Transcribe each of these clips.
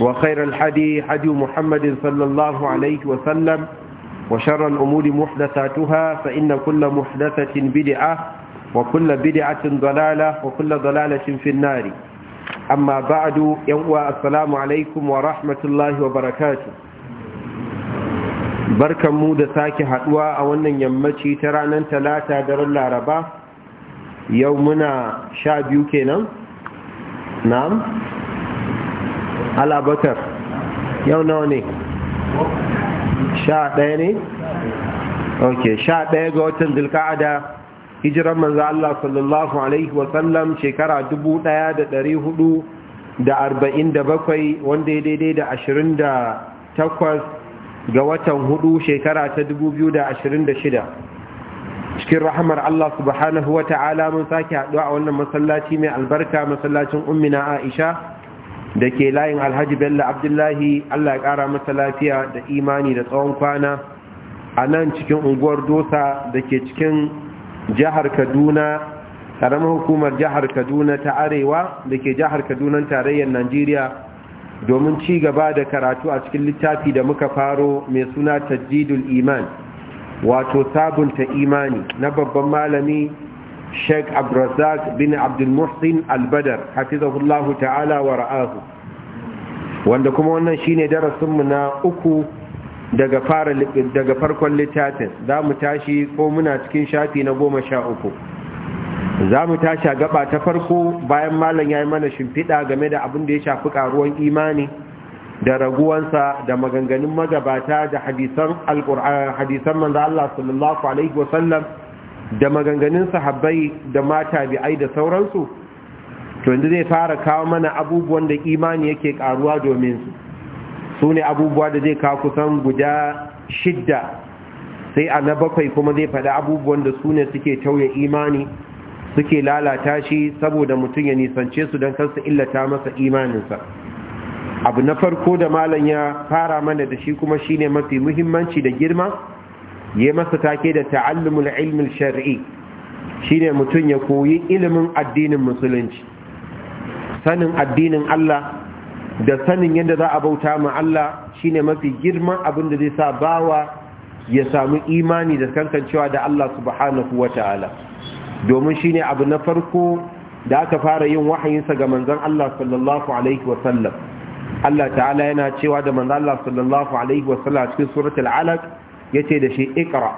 وخير الحدي حدي محمد صلى الله عليه وسلم وشر الأمور محدثاتها فإن كل محدثة بدعة وكل بدعة ضلالة وكل ضلالة في النار أما بعد يوم السلام عليكم ورحمة الله وبركاته barkan mu da sake haduwa a wannan yammaci ta ranar talata daren laraba yau muna sha biyu kenan na'am alabakar yau nawa ne sha ɗaya ne ok sha ɗaya ga watan zulka'ada hijiran manzo Allah sallallahu alaihi wasallam shekara dubu ɗaya da ɗari hudu da arba'in da bakwai wanda ya daidai da ashirin da takwas ga watan hudu shekara ta dubu biyu da ashirin da shida cikin rahamar Allah subhanahu wa ta'ala mun sake haɗuwa a wannan masallaci mai albarka masallacin ummina Aisha da ke layin alhaji bello abdullahi allah ya kara masa lafiya da imani da tsawon kwana a nan cikin unguwar dosa da ke cikin jihar kaduna ƙaramin hukumar jihar kaduna ta arewa da ke jihar kaduna tarayyar najeriya domin ci gaba da karatu a cikin littafi da muka faro mai suna tajjidul iman wato sabunta imani na babban malami Sheikh Abdulrazak bin Abdul Muhsin Al-Badar ta'ala wa ra'ahu wanda kuma wannan shine darasin mu na uku daga fara daga farkon littafin zamu tashi ko muna cikin shafi na goma sha za zamu tashi a gaba ta farko bayan malam ya yi mana shimfiɗa game da abin da ya shafi karuwan imani da raguwansa da maganganun magabata da hadisan alqur'ani hadisan manzo Allah sallallahu alaihi wasallam da maganganun sahabbai da mata bi'ai da sauransu to yanzu zai fara kawo mana abubuwan da imani yake karuwa domin su su ne abubuwa da zai kawo kusan guda shidda sai a na bakwai kuma zai faɗi abubuwan da su ne suke tauye imani suke lalata shi saboda mutum ya nisance su don kansu illata masa imaninsa abu na farko da malam ya fara mana da shi kuma shine mafi muhimmanci da girma ya masa take da ta'allumul ilmin shari'i shine mutum ya koyi ilimin addinin musulunci sanin addinin Allah da sanin yadda za a bauta ma Allah shine mafi girman abin da zai sa bawa ya samu imani da kankancewa da Allah subhanahu wata'ala domin shine abu na farko da aka fara yin wahayinsa ga manzon Allah sallallahu alaihi wasallam Allah ta'ala yana cewa da manzon Allah sallallahu alaihi wasallam cikin suratul alaq yace da shi ikra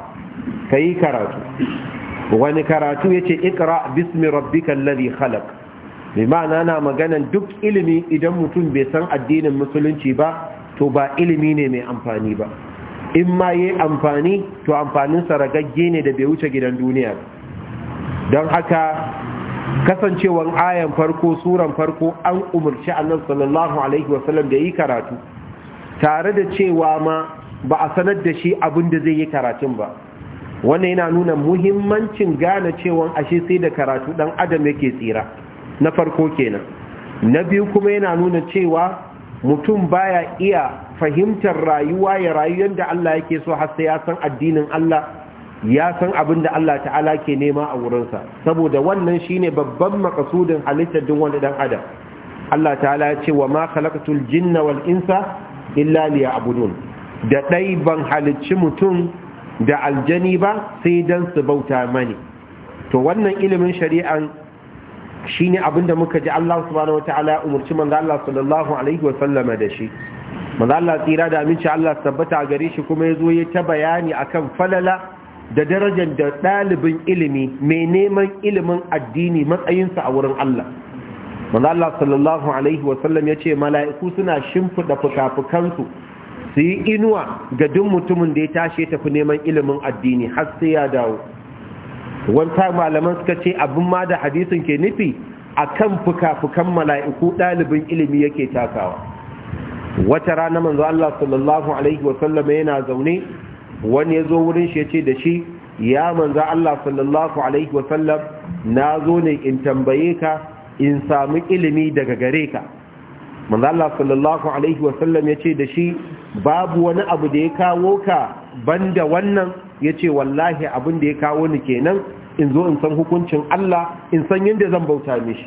kai karatu wani karatu yace ikra bismi rabbikal ladhi khalaq bi ma'ana na maganan duk ilimi idan mutum bai san addinin musulunci ba to ba ilimi ne mai amfani ba in ma yi amfani to amfanin ragagge ne da bai wuce gidan duniya don haka kasancewar ayan farko suran farko an umarci annabi sallallahu alaihi wasallam da yi karatu tare da cewa ma ba a sanar da shi abin da zai yi karatun ba wannan yana nuna muhimmancin gane cewa ashe sai da karatu dan adam yake tsira na farko kenan na biyu kuma yana nuna cewa mutum baya iya fahimtar rayuwa ya rayuwar yadda Allah yake so har sai ya san addinin Allah ya san abin da Allah ta'ala ke nema a wurinsa saboda wannan shine babban makasudin halittar duk wani dan adam Allah ta'ala ya ce wa ma khalaqatul jinna wal insa illa liya'budun da ɗai ban halicci mutum da aljani ba sai don su bauta mani to wannan ilimin shari'an shine abinda muka ji Allah subhanahu wataala ya umarci manzo Allah sallallahu alaihi wa sallama da shi manzo Allah tsira da aminci Allah tabbata gare shi kuma yazo ya ta bayani akan falala da darajar da dalibin ilimi mai neman ilimin addini matsayinsa a wurin Allah manzo Allah sallallahu alaihi wa sallam yace mala'iku suna shimfida fikafikansu. su yi inuwa ga duk mutumin da ya tashi ya tafi neman ilimin addini har sai ya dawo wanta malaman suka ce abin ma da hadisin ke nufi a kan fuka-fukan mala'iku ɗalibin ilimi yake takawa wata rana manzo Allah sallallahu alaihi wasallama yana zaune wani ya zo wurin shi ya ce da shi ya manzo Allah sallallahu alaihi wasallam na zo ne in tambaye ka in samu ilimi daga gare ka manzo Allah sallallahu alaihi wasallam ya ce da shi babu wani abu da ya kawo ka banda wannan ya ce wallahi abin da ya kawo ni kenan in zo in san hukuncin Allah in san yadda zan bauta mishi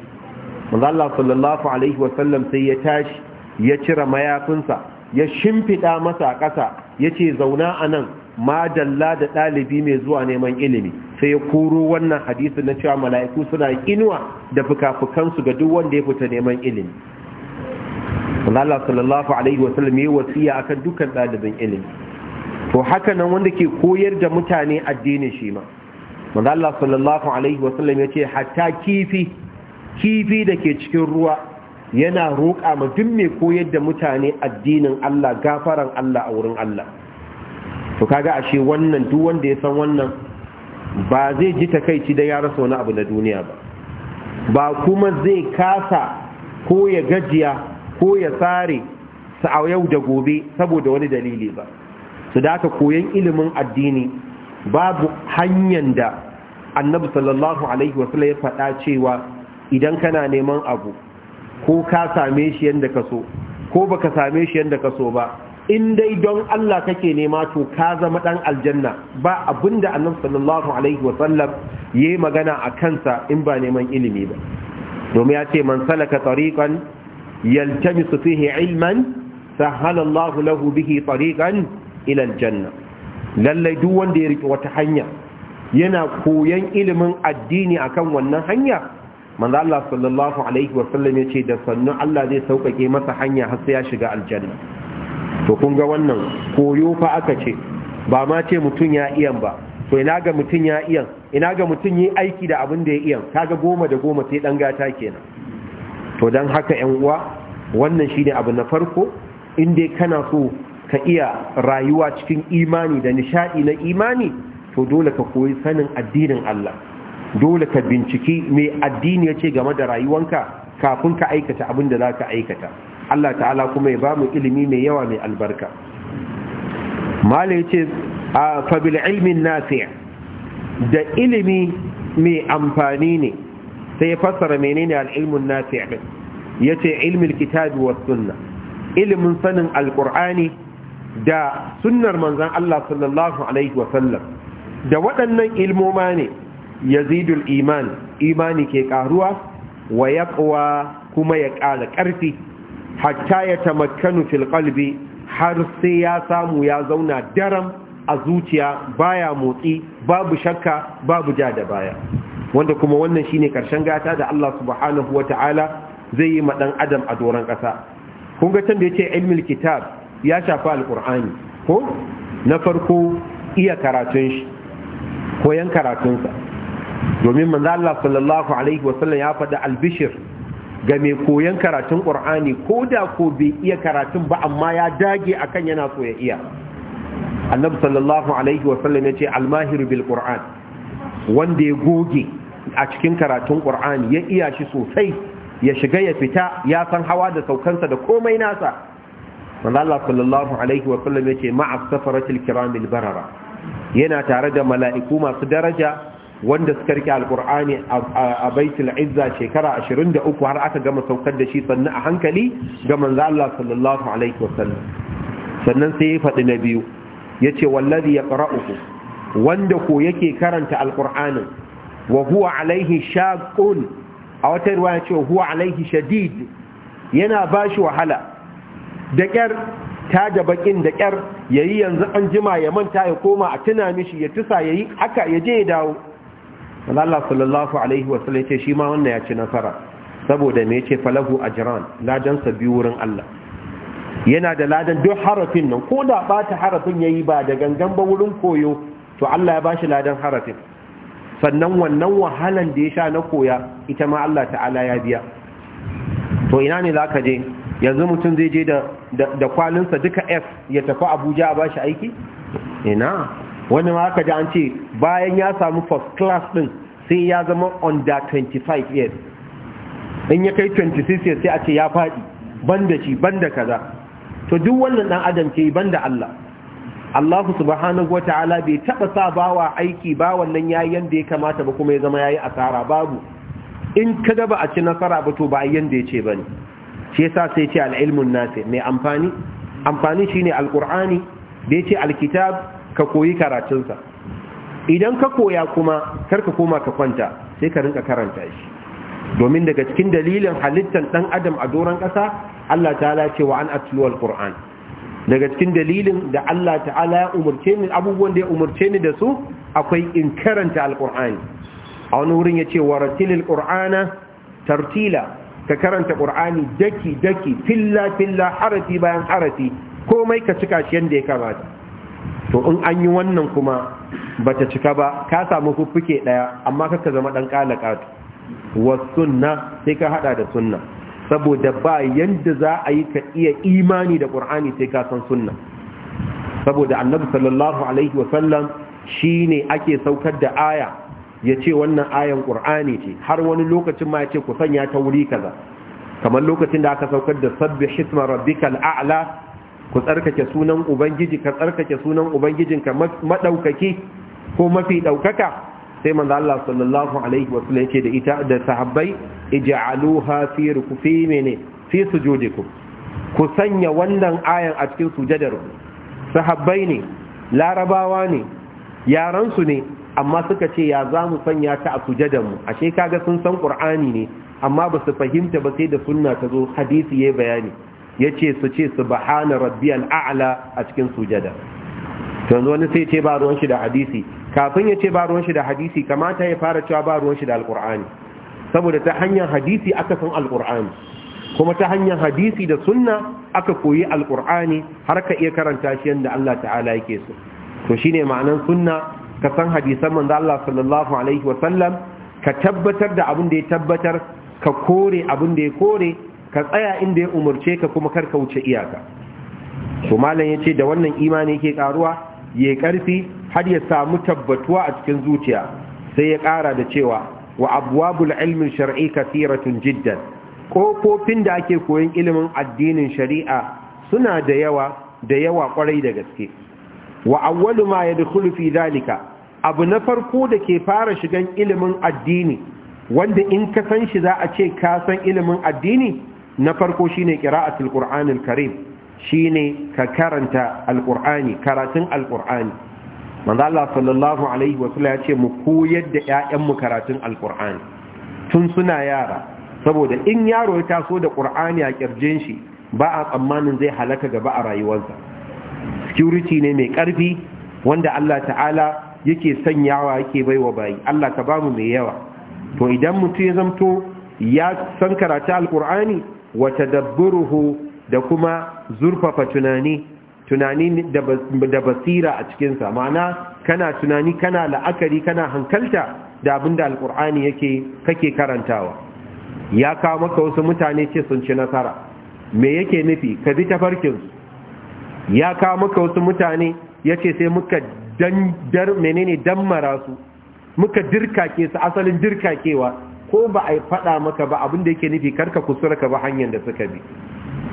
Allah sallallahu alaihi wasallam sai ya tashi ya cire mayafinsa ya shimfiɗa masa ƙasa ya ce zauna a nan ma dalla da ɗalibi mai zuwa neman ilimi sai ya koro wannan hadisi na cewa mala'iku suna inuwa da fuka-fukansu ga duk wanda ya fita neman ilimi Allah sallallahu alaihi wa sallam ya wasiya akan dukkan ɗaliban ilimi to haka nan wanda ke koyar da mutane addinin shi ma manzo Allah sallallahu alaihi ya ce hatta kifi kifi da ke cikin ruwa yana roƙa ma duk mai koyar da mutane addinin Allah gafaran Allah a wurin Allah to kaga ashe wannan duk wanda ya san wannan ba zai ji takaici da ya rasa wani abu na duniya ba ba kuma zai kasa ko ya gajiya ko ya sare su a yau da gobe saboda wani dalili ba su da koyon ilimin addini babu hanyar da annabi sallallahu alaihi wasallam ya faɗa cewa idan kana neman abu ko ka same shi yadda ka so ko baka same shi yadda ka so ba in dai don Allah kake nema to ka zama dan aljanna ba abinda annabi sallallahu alaihi wasallam yayi magana a kansa in ba neman ilimi ba domin ya ce man salaka tariqan yaltamisu fihi ilman sahala Allah lahu bihi tariqan ila aljanna lallai duk wanda ya rike wata hanya yana koyan ilimin addini akan wannan hanya manzo sallallahu alaihi wa sallam yace da sannu Allah zai sauƙaƙe masa hanya har sai ya shiga aljanna to kun ga wannan koyo fa aka ce ba ma ce mutun ya iyan ba to ina ga mutum ya iyan ina ga mutun yi aiki da abin da ya iyan kaga goma da goma sai dan gata kenan to don haka yan uwa wannan shi ne abu na farko inda dai kana so ka iya rayuwa cikin imani da nishadi na imani to dole ka koyi sanin addinin Allah dole ka binciki mai addini ya ce game da rayuwanka kafin ka aikata abin da za ka aikata Allah ta'ala kuma ya ba mu ilimi mai yawa mai albarka mala ya ce fabil ilmin nasi da ilimi mai amfani ne sai ya fassara menene al'ilmun nafi' yace ilmin kitabi was sunna ilmin sanin alqur'ani da sunnar manzon Allah sallallahu alaihi wa sallam da waɗannan ilmoma ne yazidul iman imani ke karuwa wa yaqwa kuma ya ƙara ƙarfi hatta ya tamakkanu fil qalbi har sai ya samu ya zauna daram a zuciya baya motsi babu shakka babu ja da baya wanda kuma wannan shine karshen gata da Allah subhanahu wata'ala zai yi ma ɗan adam a doron kasa kun ga tanda yace ilmul kitab ya shafa alqur'ani ko na farko iya karatun shi koyan karatun sa domin manzo Allah sallallahu alaihi wasallam ya faɗa albishir ga mai koyan karatun qur'ani ko da ko bai iya karatun ba amma ya dage akan yana so ya iya annabi sallallahu alaihi wasallam ya ce bil qur'an wanda ya goge a cikin karatun ƙur'ani ya iya shi sosai ya shiga ya fita ya san hawa da saukansa da komai nasa Allah sallallahu alaihi wa sallam yace ma'a safaratil barara yana tare da mala'iku masu daraja wanda suka rike alqur'ani a baitul izza shekara 23 har aka gama saukar da shi sannan a hankali ga manzo Allah sallallahu alaihi wa sallam sannan sai ya faɗi na biyu yace wallazi yaqra'uhu wanda ko yake karanta alqur'anin wa huwa alaihi shaqun a wata ya ce huwa alaihi shadid yana bashi wahala da kyar ta da bakin da kyar yayi yanzu an jima ya manta ya koma a tuna mishi ya tusa yayi haka ya je ya dawo Allah sallallahu alaihi sallam ce shi ma wannan ya ci nasara saboda me yace falahu ajran ladan sa biyu wurin Allah yana da ladan duk harafin nan ko da bata harafin yayi ba da gangan ba wurin koyo to Allah ya bashi ladan harafin sannan wannan wahalan da ya sha na koya ita ma Allah ta'ala ya biya to ina ne za ka je yanzu mutum zai je da kwalinsa duka f ya tafi abuja a bashi aiki ina wani ma aka ji an ce bayan ya samu first class din sai ya zama under 25 years in ya kai 26 years sai a ce ya faɗi banda shi banda kaza to duk wannan dan adam ke banda Allah Allah subhanahu ta'ala bai taba sa bawa aiki ba wannan yayi yanda ya kamata ba kuma ya zama yayi asara babu in kaga ba a ci nasara ba to ba yanda ya ce bane shi yasa sai ce al-ilmun nafi mai amfani amfani shine al-qur'ani da yace al-kitab ka koyi karatunsa idan ka koya kuma kar ka koma ka kwanta sai ka rinka karanta shi domin daga cikin dalilin halittar ɗan adam a doron ƙasa, Allah ta'ala ce wa an atlu al daga cikin dalilin da Allah ta'ala ya umarce ni abubuwan da ya umarce ni da su akwai in karanta alqur'ani a wani wurin yace waratilil qur'ana tartila ka karanta ƙur'ani daki daki filla filla harafi bayan harafi komai ka cika shi yanda ya kamata to in an yi wannan kuma ba ta cika ba ka samu fuffuke ɗaya, amma kaka zama dan kalakatu Wa sunna sai ka haɗa da sunna saboda ba yadda za a yi ka iya imani da ƙur'ani sai ka san sunna saboda annabi sallallahu alaihi wasallam shi ne ake saukar da aya ya ce wannan ayan ƙur'ani ce har wani lokacin ma ya ce ku sanya ta wuri kaza kamar lokacin da aka saukar da sabbi hisma rabbikal a'la ku tsarkake sunan ubangiji ka tsarkake sunan ubangijinka madaukaki ko mafi daukaka sai manzo Allah sallallahu alaihi wa sallam yake da ita da sahabbai ij'aluha fi rukufi mene fi sujudikum ku sanya wannan ayan a cikin sujadar sahabbai ne larabawa ne yaran su ne amma suka ce ya zamu sanya ta a sujadar mu ashe kaga sun san qur'ani ne amma ba su fahimta ba sai da sunna ta zo hadisi yayi bayani yace su ce subhana rabbiyal a'la a cikin sujada to yanzu wani sai ce ba ruwan shi da hadisi kafin ya ce ba ruwan shi da hadisi kamata ya fara cewa ba ruwan shi da alkur'ani saboda ta hanyar hadisi aka san alkur'ani kuma ta hanyar hadisi da sunna aka koyi alkur'ani har ka iya karanta shi yadda Allah ta'ala yake so to shine ma'anan sunna ka san hadisan manzo Allah sallallahu alaihi wa sallam ka tabbatar da abin da ya tabbatar ka kore abin da ya kore ka tsaya inda ya umurce ka kuma kar ka wuce iyaka to malam yace da wannan imani yake karuwa ya karfi har ya samu tabbatuwa a cikin zuciya sai ya ƙara da cewa wa abwabul ilmin shar'i kasiratun jiddan Ƙofofin da ake koyon ilimin addinin shari'a suna da yawa da yawa kwarai da gaske wa awwalu ma yadkhulu fi dalika abu na farko da ke fara shigan ilimin addini wanda in ka san shi za a ce ka san ilimin addini na farko shine qira'atul qur'anil karim shine ka karanta alqur'ani karatun alqur'ani manzo Allah sallallahu alaihi wasallam ya ce mu koyar da ƴaƴan mu karatun alqur'ani tun suna yara saboda in yaro ya taso da qur'ani a kirjin shi ba a tsammanin zai halaka gaba a rayuwarsa security ne mai karfi wanda Allah ta'ala yake sanyawa yake baiwa bayi Allah ka bamu mai yawa to idan mutum ya zamto ya san karatu alqur'ani wa tadabburuhu da kuma zurfafa tunani tunani da basira a cikinsa ma'ana kana tunani kana la'akari kana hankalta da abinda da alkur'ani yake kake karantawa ya kawo maka wasu mutane ce sun ci nasara me yake nufi ka bi tafarkinsu ya kawo maka wasu mutane ya ce sai muka dandar menene dammara su muka dirkake su asalin dirkakewa ko ba a faɗa maka ba abin da yake nufi karka kusura ka ba hanyar da suka bi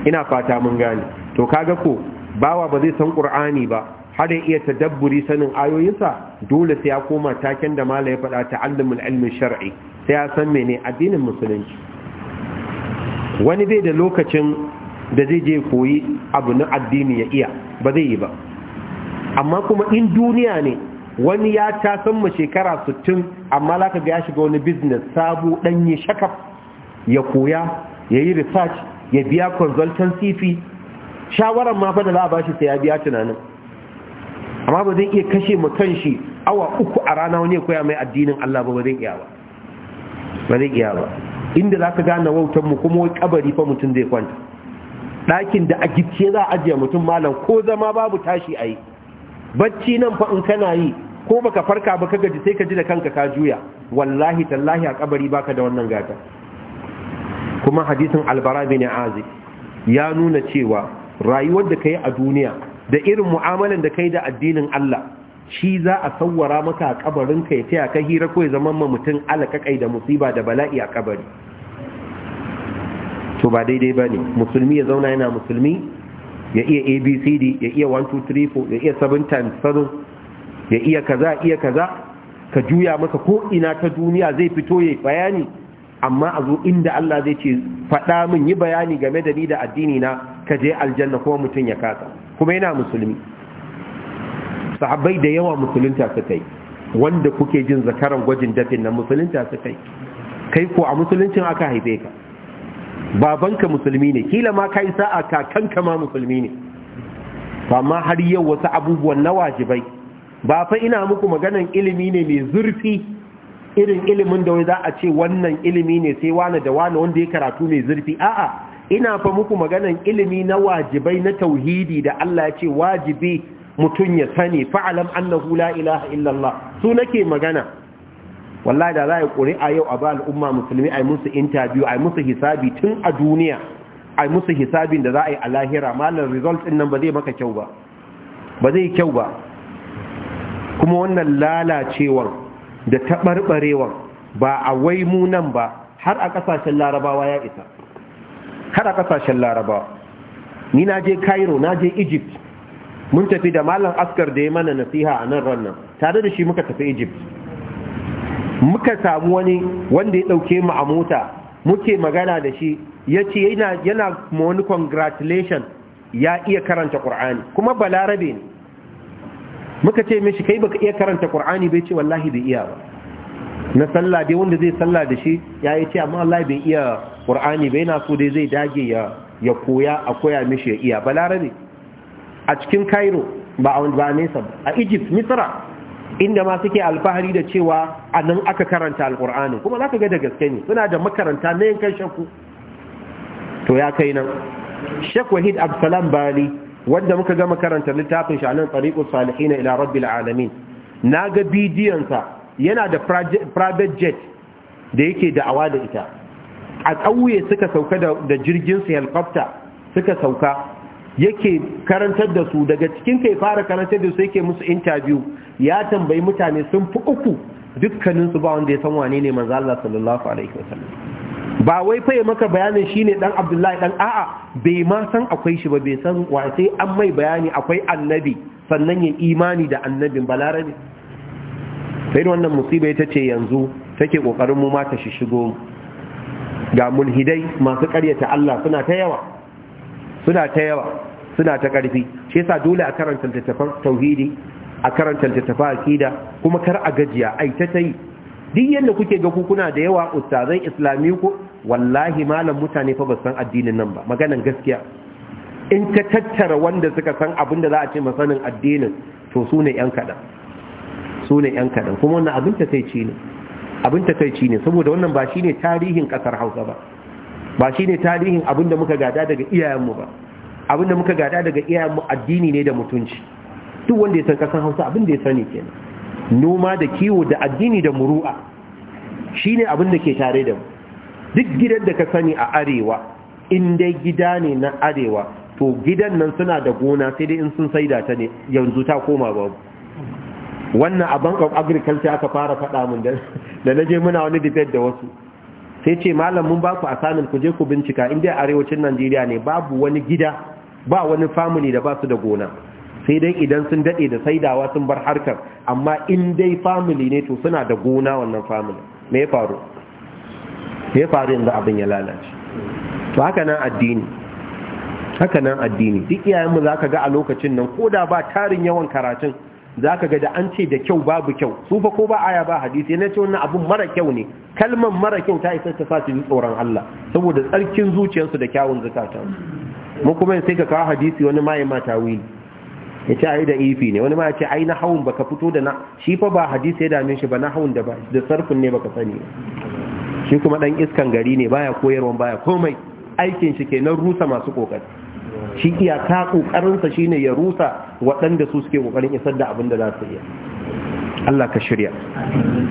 ina fata mun gane to kaga ko bawa ba zai san qur'ani ba har ya iya tadabburi sanin ayoyinsa dole sai ya koma taken da mala ya faɗa ta'allumul ilmi shar'i sai ya san mene addinin musulunci wani bai da lokacin da zai je koyi abu na addini ya iya ba zai yi ba amma kuma in duniya ne wani ya ta san mu shekara 60 amma laka ga ya shiga wani business sabu danye shakaf ya koya yayi research ya biya consultancy fee shawarar ma fada za a bashi sai ya biya tunanin amma ba zai iya kashe mu kanshi awa uku a rana wani ya koya mai addinin Allah ba ba zai iya ba ba zai iya ba inda za ka gane wautan mu kuma wai kabari fa mutum zai kwanta ɗakin da a gicce za a ajiye mutum malam ko zama babu tashi a yi bacci nan fa in kana yi ko baka farka ba ka gaji sai ka ji da kanka ka juya wallahi tallahi a kabari baka da wannan gata kuma hadisin albara bin azi ya nuna cewa rayuwar da kai a duniya da irin mu'amalan da kai da addinin Allah shi za a sawwara maka a kabarin ka ya taya ka hira ko ya zama ma mutum alakakai da musiba da bala'i a kabari to ba daidai ba ne musulmi ya zauna yana musulmi ya iya abcd ya iya 1234 ya iya 7 times 7 ya iya kaza iya kaza ka juya masa ko ina ta duniya zai fito ya bayani amma a zo inda Allah zai ce faɗa min yi bayani game da ni da addini na ka je aljanna kuma mutum ya kasa kuma yana musulmi sahabbai da yawa musulunta suka yi wanda kuke jin zakaran gwajin dafin na musulunta suka yi kai ko a musuluncin aka haife ka babanka musulmi ne kila ma kai sa'a kakanka ma musulmi ne amma har yau wasu abubuwan na wajibai ba fa ina muku maganan ilimi ne mai zurfi irin ilimin da wai za a ce wannan ilimi ne sai wani da wani wanda ya karatu mai zurfi a'a ina fa muku maganan ilimi na wajibai na tauhidi da Allah ya ce wajibi mutum ya sani fa'alam annahu la ilaha illallah su nake magana wallahi da za a ƙuri'a yau a ba al'umma musulmi a musu interview a yi musu hisabi tun a duniya a musu hisabin da za a yi a lahira malar result ɗin nan ba zai maka kyau ba ba zai kyau ba kuma wannan lalacewar da taɓarɓarewa ba a wai mu nan ba har a ƙasashen larabawa ya isa har a ƙasashen larabawa ni na je cairo na je egypt mun tafi da malam askar da ya mana nasiha a nan rannan tare da shi muka tafi egypt muka samu wani wanda ya ɗauke mu a mota muke magana da shi ya ce yana ma wani congratulation ya iya karanta ƙur'ani kuma balarabe ne muka ce mishi kai baka iya karanta qur'ani bai ce wallahi bai iya ba na sallah dai wanda zai sallah da shi ya yi ce amma wallahi bai iya qur'ani bai na so dai zai dage ya ya koya a koya mishi ya iya balarabe a cikin Cairo ba a ba nesa a Egypt Misra inda ma suke alfahari da cewa a nan aka karanta alqur'ani kuma zaka ga da gaske ne suna da makaranta na yankan shakku to ya kai nan Shekh Wahid Absalam Bali wanda muka gama karanta littafin shi anan tariqus salihin ila rabbil alamin naga bidiyon sa yana da private jet da yake da'awa da ita a kauye suka sauka da jirgin su helicopter suka sauka yake karantar da su daga cikin kai fara karantar da su yake musu interview ya tambayi mutane sun fi uku dukkaninsu ba wanda ya san wane ne manzo Allah sallallahu alaihi wasallam ba wai faye maka bayanin shine ɗan abdullahi dan a'a bai ma san akwai shi ba bai san wa sai an mai bayani akwai annabi sannan ya imani da annabin balarabe sai da wannan musiba ita ce yanzu take kokarin mu ma ta shishigo ga mulhidai masu karyata Allah suna ta yawa suna ta yawa suna ta karfi shi yasa dole a karanta littattafan tauhidi a karanta littattafan akida kuma kar a gajiya ai ta tayi duk yadda kuke ga kuna da yawa ustazan islami ku wallahi malam mutane fa ba san addinin nan ba maganan gaskiya in ka tattara wanda suka san abin da za a ce masanin addinin to su ne yan kaɗan su ne yan kaɗan kuma wannan abin takaici ne abin takaici ne saboda wannan ba shine tarihin ƙasar hausa ba ba shine tarihin abin da muka gada daga iyayenmu ba abin da muka gada daga iyayenmu addini ne da mutunci duk wanda ya san ƙasar hausa abin da ya sani kenan noma da kiwo da addini da muru'a shine abin da ke tare da mu duk gidan da ka sani a arewa in dai gida ne na arewa to gidan nan suna da gona sai dai in sun saida ta ne yanzu ta koma babu wannan a bank of agriculture aka fara faɗa mun da na je muna wani debate da wasu sai ce malam mun ba ku asanin ku je ku bincika in dai arewacin Najeriya ne babu wani gida ba wani family da ba su da gona sai dai idan sun daɗe da saidawa sun bar harkar amma in dai family ne to suna da gona wannan family me ya faru me ya faru inda abin ya lalace to haka nan addini haka nan addini duk iyayenmu za ka ga a lokacin nan ko da ba tarin yawan karatun za ka ga da an ce da kyau babu kyau su fa ko ba aya ba hadisi na ce wannan abun mara kyau ne kalmar mara kyau ta isa ta sa su ji tsoron Allah saboda tsarkin zuciyarsu da kyawun zakatansu mu kuma sai ka kawo hadisi wani mai ma tawili ya ce ai da ifi ne wani ma ya ce ai hawan baka fito da na shi fa ba hadisi ya dame shi ba na hawan da ba da sarfin ne baka sani shi kuma dan iskan gari ne baya koyarwa baya komai aikin shi kenan rusa masu kokari shi kokarin sa shine ya rusa waɗanda su suke kokarin isar da abin da za su iya Allah ka shirya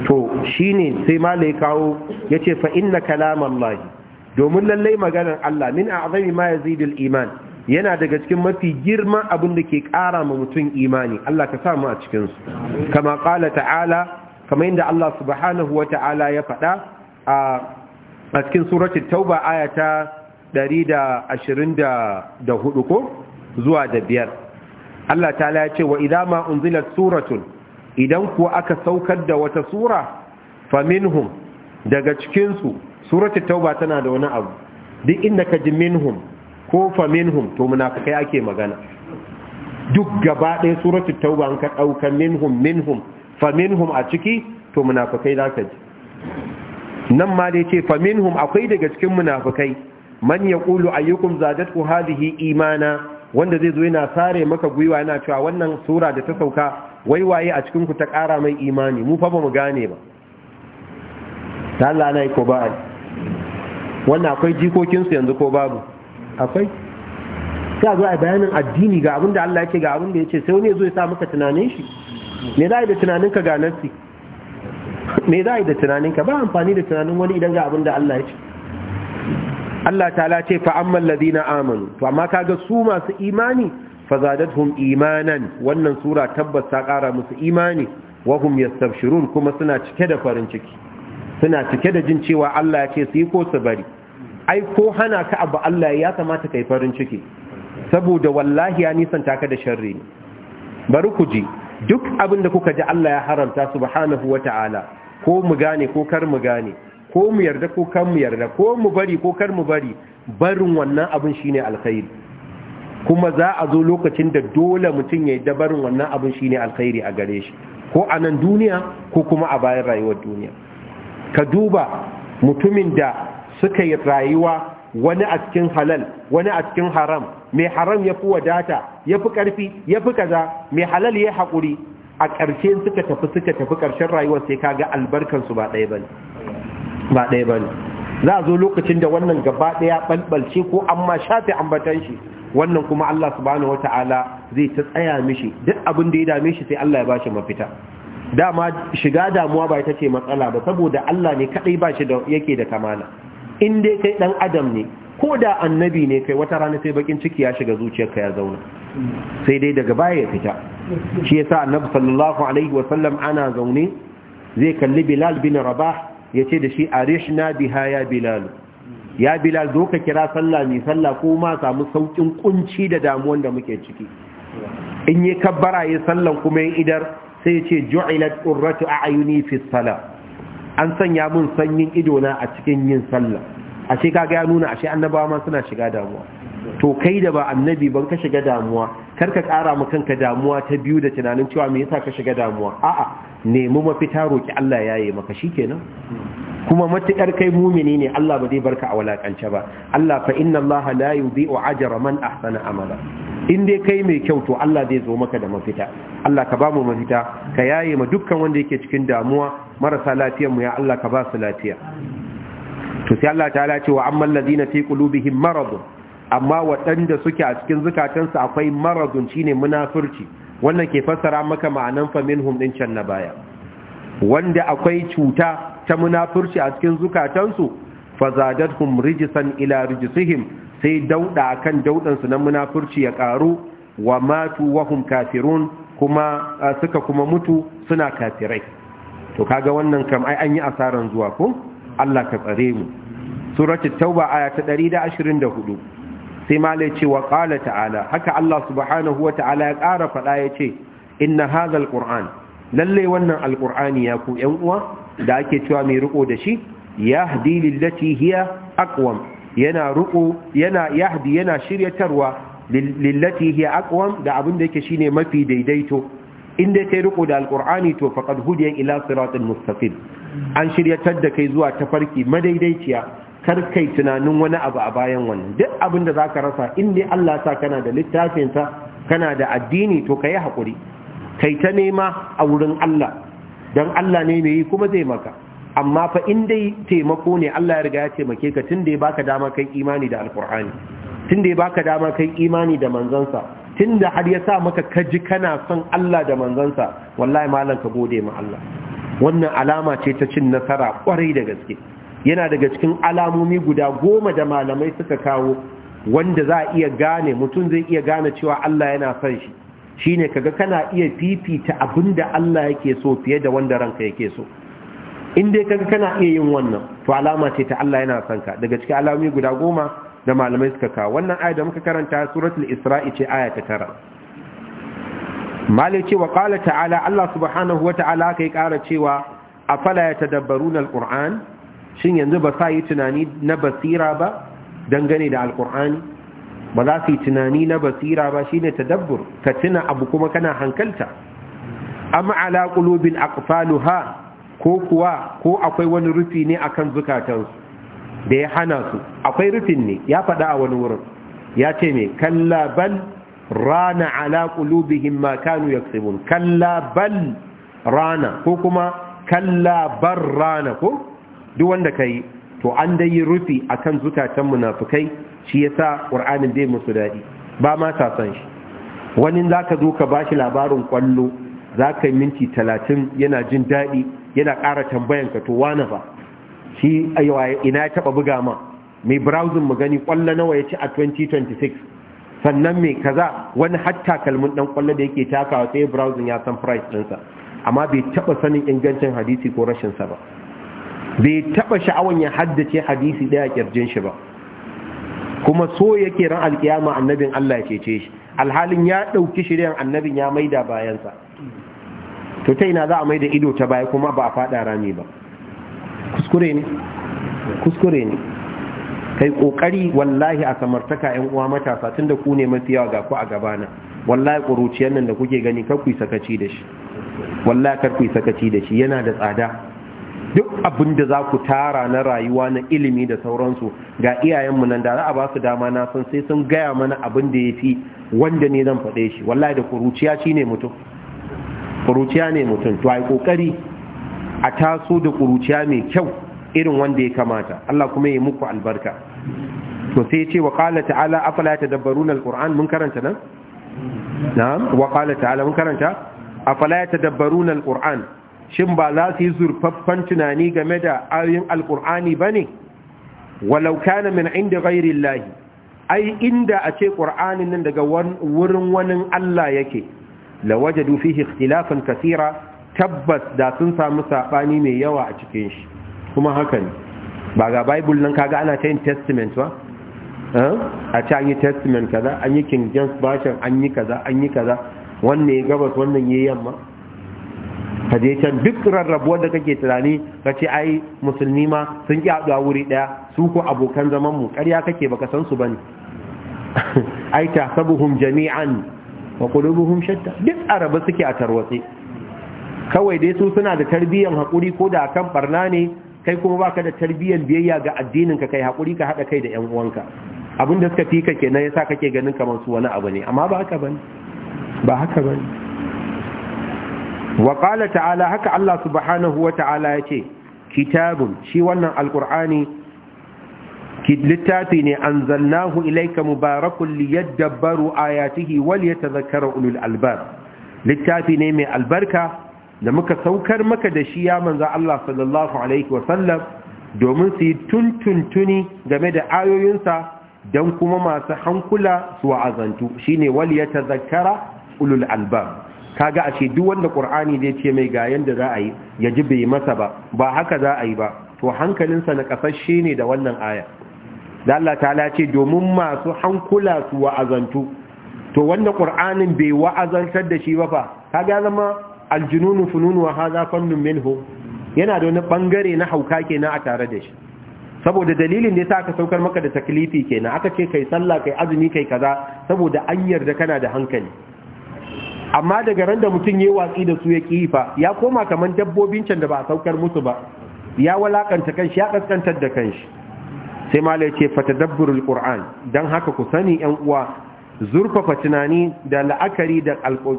to shine sai malai kawo yace fa inna kalamallahi domin lallai maganar Allah min a'zami ma yazidul iman yana daga cikin mafi girma abin da ke ƙara ma mutum imani Allah ka samu a cikinsu kama ƙala ta'ala kama inda Allah subhanahu wa ta'ala ya faɗa a cikin suratun tauba ayata 124 ko zuwa da biyar Allah ta'ala ya ce wa idan ma unzilat suratun idan kuwa aka saukar da wata sura faminhum daga cikinsu suratun tauba tana da wani abu duk inda ka ji minhum ko fa minhum to munafikai ake magana duk gaba ɗaya suratu tauba an ka ɗauka minhum minhum fa minhum a ciki to munafikai za ka ji nan ma da ce fa minhum akwai daga cikin munafikai man yaqulu ayyukum zadat ku hadhihi imana wanda zai zo yana sare maka gwiwa yana cewa wannan sura da ta sauka waiwaye a cikin ku ta ƙara mai imani mu fa ba mu gane ba ta Allah na ko ba wannan akwai jikokinsu yanzu ko babu akwai a zo a bayanin addini ga abin da Allah yake ga abin da ya ce sai wani ya zo ya sa maka tunanin shi me za a yi da tunanin ka ga nafsi me za a yi da tunanin ka ba amfani da tunanin wani idan ga abin da Allah ya ce Allah ta'ala ce fa amma alladhina amanu to amma kaga su masu imani fa zadatuhum imanan wannan sura tabbas ta kara musu imani wa hum yastabshirun kuma suna cike da farin ciki suna cike da jin cewa Allah ya ce su yi ko su bari ai ko hana ka abu Allah ya kamata kai farin ciki saboda wallahi ya nisanta ka da sharri bari ku ji duk abin da kuka ji Allah ya haramta subhanahu wata'ala ko mu gane ko kar mu gane ko mu yarda ko kan mu yarda ko mu bari ko kar mu bari barin wannan abin shine alkhairi kuma za a zo lokacin da dole mutum ya yi dabarin wannan abin shine alkhairi a gare shi ko a nan duniya ko kuma a bayan rayuwar duniya ka duba mutumin da suka yi rayuwa wani a cikin halal wani a cikin haram mai haram ya fi wadata ya fi ƙarfi ya fi kaza mai halal ya haƙuri a ƙarshe suka tafi suka tafi ƙarshen rayuwar sai ka ga albarkansu ba ɗaya bane ba ɗaya za a zo lokacin da wannan gaba ɗaya ɓalɓalce ko an ma shafe ambatan shi wannan kuma Allah subhanahu wata'ala zai ta tsaya mishi duk abin da ya dame shi sai Allah ya bashi mafita dama shiga damuwa ba ita ce matsala ba saboda Allah ne kadai ba shi da yake da kamala in dai kai dan adam ne ko da annabi ne kai wata rana sai bakin ciki ya shiga zuciyarka ya zauna sai dai daga baya ya fita shi yasa annabi sallallahu alaihi sallam ana zaune zai kalli bilal bin rabah yace da shi arishna biha ya bilal ya bilal zo ka kira sallah ni sallah ko ma samu saukin kunci da damuwan da muke ciki in yi kabbara yi Sallah kuma yin idar sai ya ce ju'ilat qurratu a'yuni fi salah an sanya mun sanyin idona a cikin yin sallah ashe kaga ya nuna ashe annabawa ma suna shiga damuwa to kai da ba annabi ban ka shiga damuwa kar ka ƙara ma kanka damuwa ta biyu da tunanin cewa me yasa ka shiga damuwa a'a nemi mafita roki Allah ya yi maka shikenan kuma matuƙar kai mumini ne Allah ba zai barka a walakance ba Allah fa inna Allah la yudhi'u ajra man ahsana amala in dai kai mai kyau to Allah zai zo maka da mafita Allah ka ba mu mafita ka yaye ma dukkan wanda yake cikin damuwa marasa lafiyar mu ya Allah ka ba su lafiya to sai Allah ta'ala ce wa amman ladina fi qulubihim maradun amma waɗanda suke a cikin zukatansu akwai maradun shine munafurci wannan ke fassara maka ma'anan fa minhum din can na baya wanda akwai cuta ta munafurci a cikin zukatansu fazadathum rijisan ila rijsihim sai dauda kan daudansu na munafurci ya karu wa matu wa hum kafirun kuma suka kuma mutu suna kafirai to kaga wannan kam ai an yi asaran zuwa ko Allah ta tsare mu suratul tauba aya ta 124 sai malai ce wa qala ta'ala haka Allah subhanahu wa ta'ala ya ƙara faɗa ce. inna hadha alquran lalle wannan alqurani ya ku yan uwa da ake cewa mai riko da shi yahdi lillati hiya aqwam yana riko yana yahdi yana shiryatarwa lillati hiya aqwam da abin da yake shine mafi daidaito inda kai riko da alqur'ani to faqad hudiya ila siratal mustaqim an shiryatar da kai zuwa tafarki madaidaiciya kar kai tunanin wani abu a bayan wannan duk abin da zaka rasa inda Allah sa kana da littafinsa kana da addini to kai hakuri kai ta nema a wurin Allah don Allah ne mai yi kuma zai maka amma fa in dai taimako ne Allah ya riga ya taimake ka tun da ya baka dama kai imani da alkur'ani tun da ya baka dama kai imani da manzansa tun da har ya sa maka kaji kana son Allah da manzansa wallahi malam ka gode ma Allah wannan alama ce ta cin nasara kwarai da gaske yana daga cikin alamomi guda goma da malamai suka kawo wanda za a iya gane mutum zai iya gane cewa Allah yana son shi shine kaga kana iya fifita da Allah yake so fiye da wanda ranka yake so in dai kaga kana iya yin wannan to alama ce ta Allah yana son ka daga cikin alamomi guda goma da malamai suka kawo wannan aya da muka karanta suratul isra'i ce aya ta tara malai ce wa qala ta'ala Allah subhanahu wa ta'ala kai kara cewa afala yatadabbaruna alquran shin yanzu ba sa yi tunani na basira ba dangane da alqur'ani ba za su yi tunani na basira ba shine tadabbur ka tuna abu kuma kana hankalta amma ala qulubin aqfaluha ko kuwa ko akwai wani rufi ne akan su? da ya hana su akwai rufin ne ya faɗa a wani wurin ya ce me kalla bal rana ala qulubihim ma kanu yaksubun kalla bal rana ko kuma kalla bar rana ko duk wanda kai to an dai rufi akan zukatan munafikai shi ya sa qur'anin bai musu daɗi ba ma ta san shi wani za ka zo ka ba shi labarin kwallo yi minti talatin yana jin daɗi yana ƙara tambayan ka to wani ba shi ina ya taɓa buga ma mai browsing mu gani kwallo nawa ya ci a 2026 sannan mai kaza wani hatta kalmun ɗan ƙwallo da yake takawa sai browsing ya san price ɗinsa amma bai taɓa sanin ingancin hadisi ko rashinsa ba bai taɓa sha'awan ya haddace hadisi ɗaya kirjin shi ba kuma so yake ran alkiyama annabin Allah ya cece shi alhalin ya ɗauki shiryan annabin ya maida bayansa to ta ina za a maida ido ta baya kuma ba a fada rami ba kuskure ne kuskure ne kai kokari wallahi a samartaka yan uwa matasa tunda ku ne mafi yawa ga ku a gabana wallahi kuruciyar nan da kuke gani kar ku sakaci da shi wallahi kar ku sakaci da shi yana da tsada duk abin da za ku tara na rayuwa na ilimi da sauransu ga iyayenmu nan da za a ba su dama na san sai sun gaya mana abin da ya fi wanda ne zan faɗe shi wallahi da kuruciya shi ne mutum kuruciya ne mutum to ai kokari a taso da kuruciya mai kyau irin wanda ya kamata Allah kuma ya muku albarka to sai ya ce wa qala ta'ala afala tadabbaruna alquran mun karanta nan na'am wa qala ta'ala mun karanta afala tadabbaruna alquran shin ba za su yi zurfaffan tunani game da ayoyin alkur'ani ba ne walau kana min inda gairi lahi ai inda a ce ƙur'anin nan daga wurin wani Allah yake la wajadu fihi ikhtilafan tabbas da sun samu saɓani mai yawa a cikin shi kuma haka ne ba ga bible nan kaga ana ta yin testament ba eh? a ce an yi testament kaza an yi king james version an yi kaza an yi kaza wannan ya gabas wannan ya yamma ka je can duk rarrabuwar da kake tunani ka ce ai musulmi ma sun ki haɗuwa wuri ɗaya su ko abokan zaman mu ƙarya kake baka san su bane ai sabuhum jami'an wa qulubuhum shatta duk arabu suke a tarwatse kawai dai su suna da tarbiyyar haƙuri ko da kan barna ne kai kuma baka da tarbiyyar biyayya ga addinin ka kai haƙuri ka haɗa kai da ƴan uwanka abin da suka fika kenan yasa kake ganin kamar su wani abu ne amma ba haka bane ba haka bane wa qala ta'ala haka Allah subhanahu wa ta'ala ce kitabun shi wannan alqur'ani littafi ne anzalnahu ilaika mubarakun liyadabbaru ayatihi wal yatadhakkaru ulul albab littafi ne mai albarka da muka saukar maka da shi ya manzo Allah sallallahu alaihi wa domin su yi tuntuntuni game da ayoyinsa don kuma masu hankula su wa'azantu shine wal yatadhakkara ulul albab kaga ashe duk wanda qur'ani zai ce mai ga yanda za a yi ya ji bai masa ba ba haka za a yi ba to hankalinsa na kasashe ne da wannan aya da Allah ta'ala ce domin masu hankula su wa'azantu to wanda qur'anin bai wa'azantar da shi ba fa kaga zama aljununu fununu wa hadha fannun minhu yana da wani bangare na hauka kenan a tare da shi saboda dalilin da yasa aka saukar maka da taklifi kenan aka ce kai sallah kai azumi kai kaza saboda an yarda kana da hankali amma daga ran da mutum ya yi watsi da su ya kifa ya koma kamar dabbobin can da ba a saukar musu ba ya walakanta kanshi ya kaskantar da kanshi sai malai ce 'Fata dabburul qur'an dan haka ku sani yan uwa zurfafa tunani da la'akari da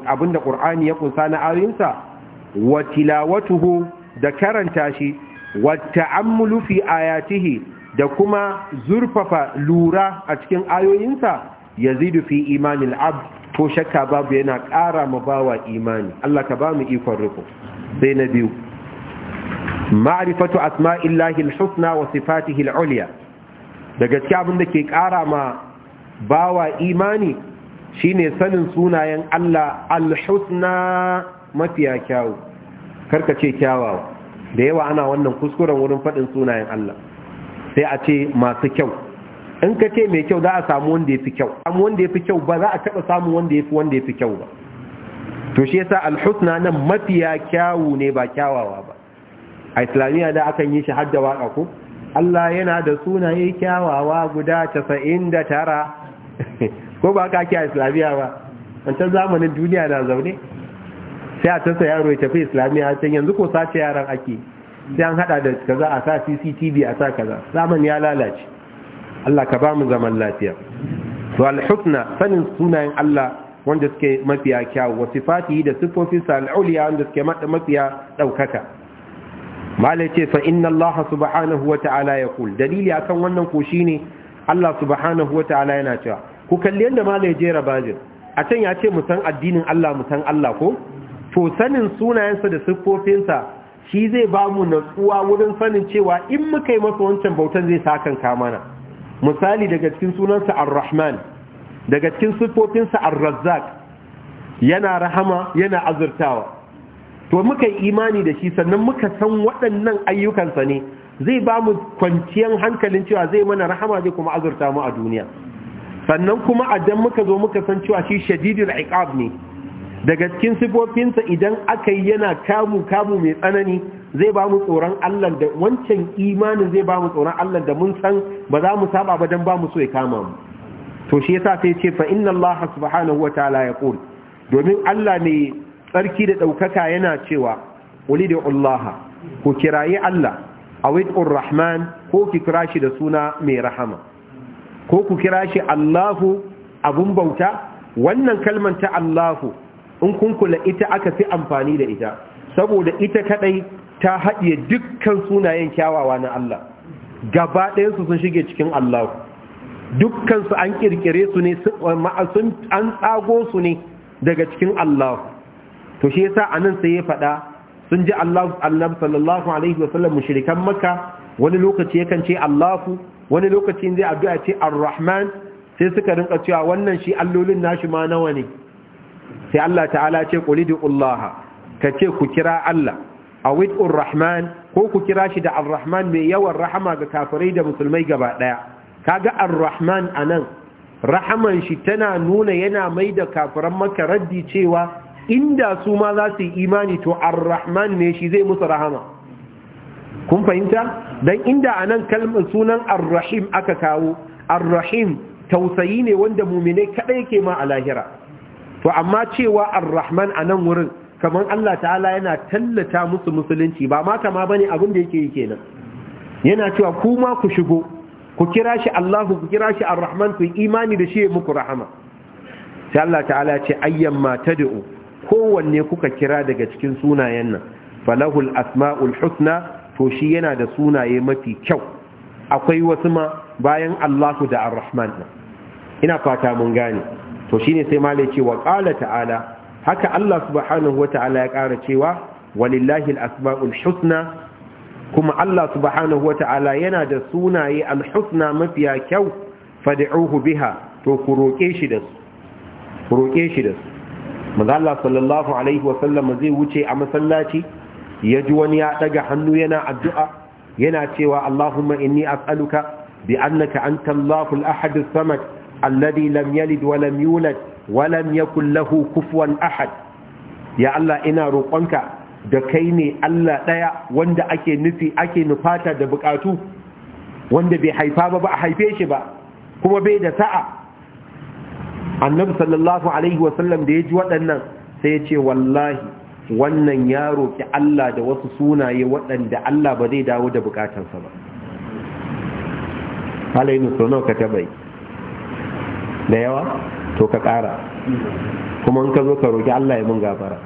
abinda qur'ani ya kunsa na ayoyinsa wa tilawatuhu da karanta shi wa ta'ammulu fi ayatihi da kuma zurfafa lura a cikin ayoyinsa yazidu fi imanil abd ko shakka babu yana ƙara ma bawa imani Allah ka ba mu ikon riko sai na biyu ma'rifatu asma'illahi al-husna wa sifatihi al-ulya da gaske abin da ke ƙara ma bawa imani shine sanin sunayen Allah al-husna mafiya kyawu karka ce kyawawa da yawa ana wannan kuskuren wurin faɗin sunayen Allah sai a ce masu kyau in ka ce mai kyau za a samu wanda ya fi kyau amma wanda ya fi kyau ba za a taɓa samun wanda ya fi wanda ya fi kyau ba to shi yasa alhusna nan mafiya kyawu ne ba kyawawa ba a islamiyya da akan yi shi har da waka ko Allah yana da sunaye kyawawa guda 99 ko ba ka ki a islamiyya ba wancan zamanin duniya na zaune sai a tasa yaro ya tafi islamiyya can yanzu ko sace yaran ake sai an hada da kaza a sa CCTV a sa kaza zaman ya lalace Allah ka ba mu zaman lafiya to al-husna sanin sunayen Allah wanda suke mafiya kyau wa sifati da sifofin sa al wanda suke mafiya daukaka malai ce fa inna Allah subhanahu wata'ala kul dalili akan wannan ko shine Allah subhanahu wata'ala yana cewa ku kalli yanda malai jera bajin a can ya ce mu san addinin Allah mu san Allah ko to sanin sunayensa da siffofinsa shi zai ba mu natsuwa wurin sanin cewa in muka yi masa wancan bautan zai sa sakan kamana misali daga cikin sunansa ar-rahman daga cikin sifofinsa ar-razzaq yana rahama yana azurtawa to muka yi imani da shi sannan muka san waɗannan ayyukansa ne zai ba mu kwanciyar hankalin cewa zai mana rahama zai kuma azurta mu a duniya sannan kuma adan muka zo muka san cewa shi shadidul iqab ne daga cikin sifofinsa idan aka yi yana kamu kamu mai tsanani zai ba mu tsoron Allah da wancan imanin zai ba mu tsoron Allah da mun san ba za mu saba ba dan ba mu so ya kama mu to shi yasa sai ce fa inna Allah subhanahu wa ta'ala qul domin Allah ne tsarki da daukaka yana cewa ulidi Allah ku kirayi Allah awid rahman ko ki kira shi da suna mai rahama ko ku kira shi Allahu abun bauta wannan kalmar ta Allahu in kun kula ita aka fi amfani da ita saboda ita kadai ta haɗiye dukkan sunayen kyawawa na Allah gaba ɗayansu sun shige cikin Allah dukkansu an ƙirƙire su ne an tsago su ne daga cikin Allah to shi yasa anan sai ya faɗa sun ji Allah annabi sallallahu alaihi wa sallam mushrikan makka wani lokaci yakan ce Allahu wani lokaci zai addu'a ce Ar-Rahman sai suka rinka cewa wannan shi allolin nashi ma nawa ne sai Allah ta'ala ce Allah ka ce ku kira Allah a wid'ur rahman ko ku kira shi da ar-rahman mai yawan rahama ga kafirai da musulmai gaba daya kaga ar-rahman anan rahaman shi tana nuna yana mai da kafiran maka raddi cewa inda su ma za su yi imani to ar-rahman ne shi zai musu rahama kun fahimta dan inda anan kalmar sunan ar-rahim aka kawo ar-rahim tausayi ne wanda mumine kadai ke ma a to amma cewa ar-rahman anan wurin kamar Allah ta'ala yana tallata musu musulunci ba ma kama bane abin da yake yi kenan yana cewa ku ma ku shigo ku kira shi Allahu ku kira shi Ar-Rahman ku imani da shi muku rahama sai Allah ta'ala ya ce ayyan ma tad'u kowanne kuka kira daga cikin sunayen nan falahul asma'ul husna to shi yana da sunaye mafi kyau akwai wasu ma bayan Allahu da Ar-Rahman ina fata mun gane to shine sai malai ce wa qala ta'ala haka Allah subhanahu ta'ala ya ƙara cewa walillahi al husna kuma Allah subhanahu ta'ala yana da sunaye al-husna mafiya kyau fad'uhu biha to ku roƙe shi da su sallallahu alaihi wa sallam zai wuce a masallaci ya ji wani ya ɗaga hannu yana addu'a yana cewa Allahumma inni as'aluka bi annaka antal lahul ahad samad alladhi lam yalid wa lam yulad walam yakul lahu kufuwan ahad ya Allah ina roƙonka da kai ne Allah ɗaya wanda ake nufi ake nufata da buƙatu wanda bai haifa ba ba a haife shi ba kuma bai da sa'a annabi sallallahu alaihi wasallam da ya ji waɗannan sai ya ce wallahi wannan ya roƙi Allah da wasu sunaye waɗanda Allah ba zai dawo da bukatarsa ba halayen sono ka tabai da yawa to ka ƙara kuma in ka zo ka roki, Allah ya mun gafara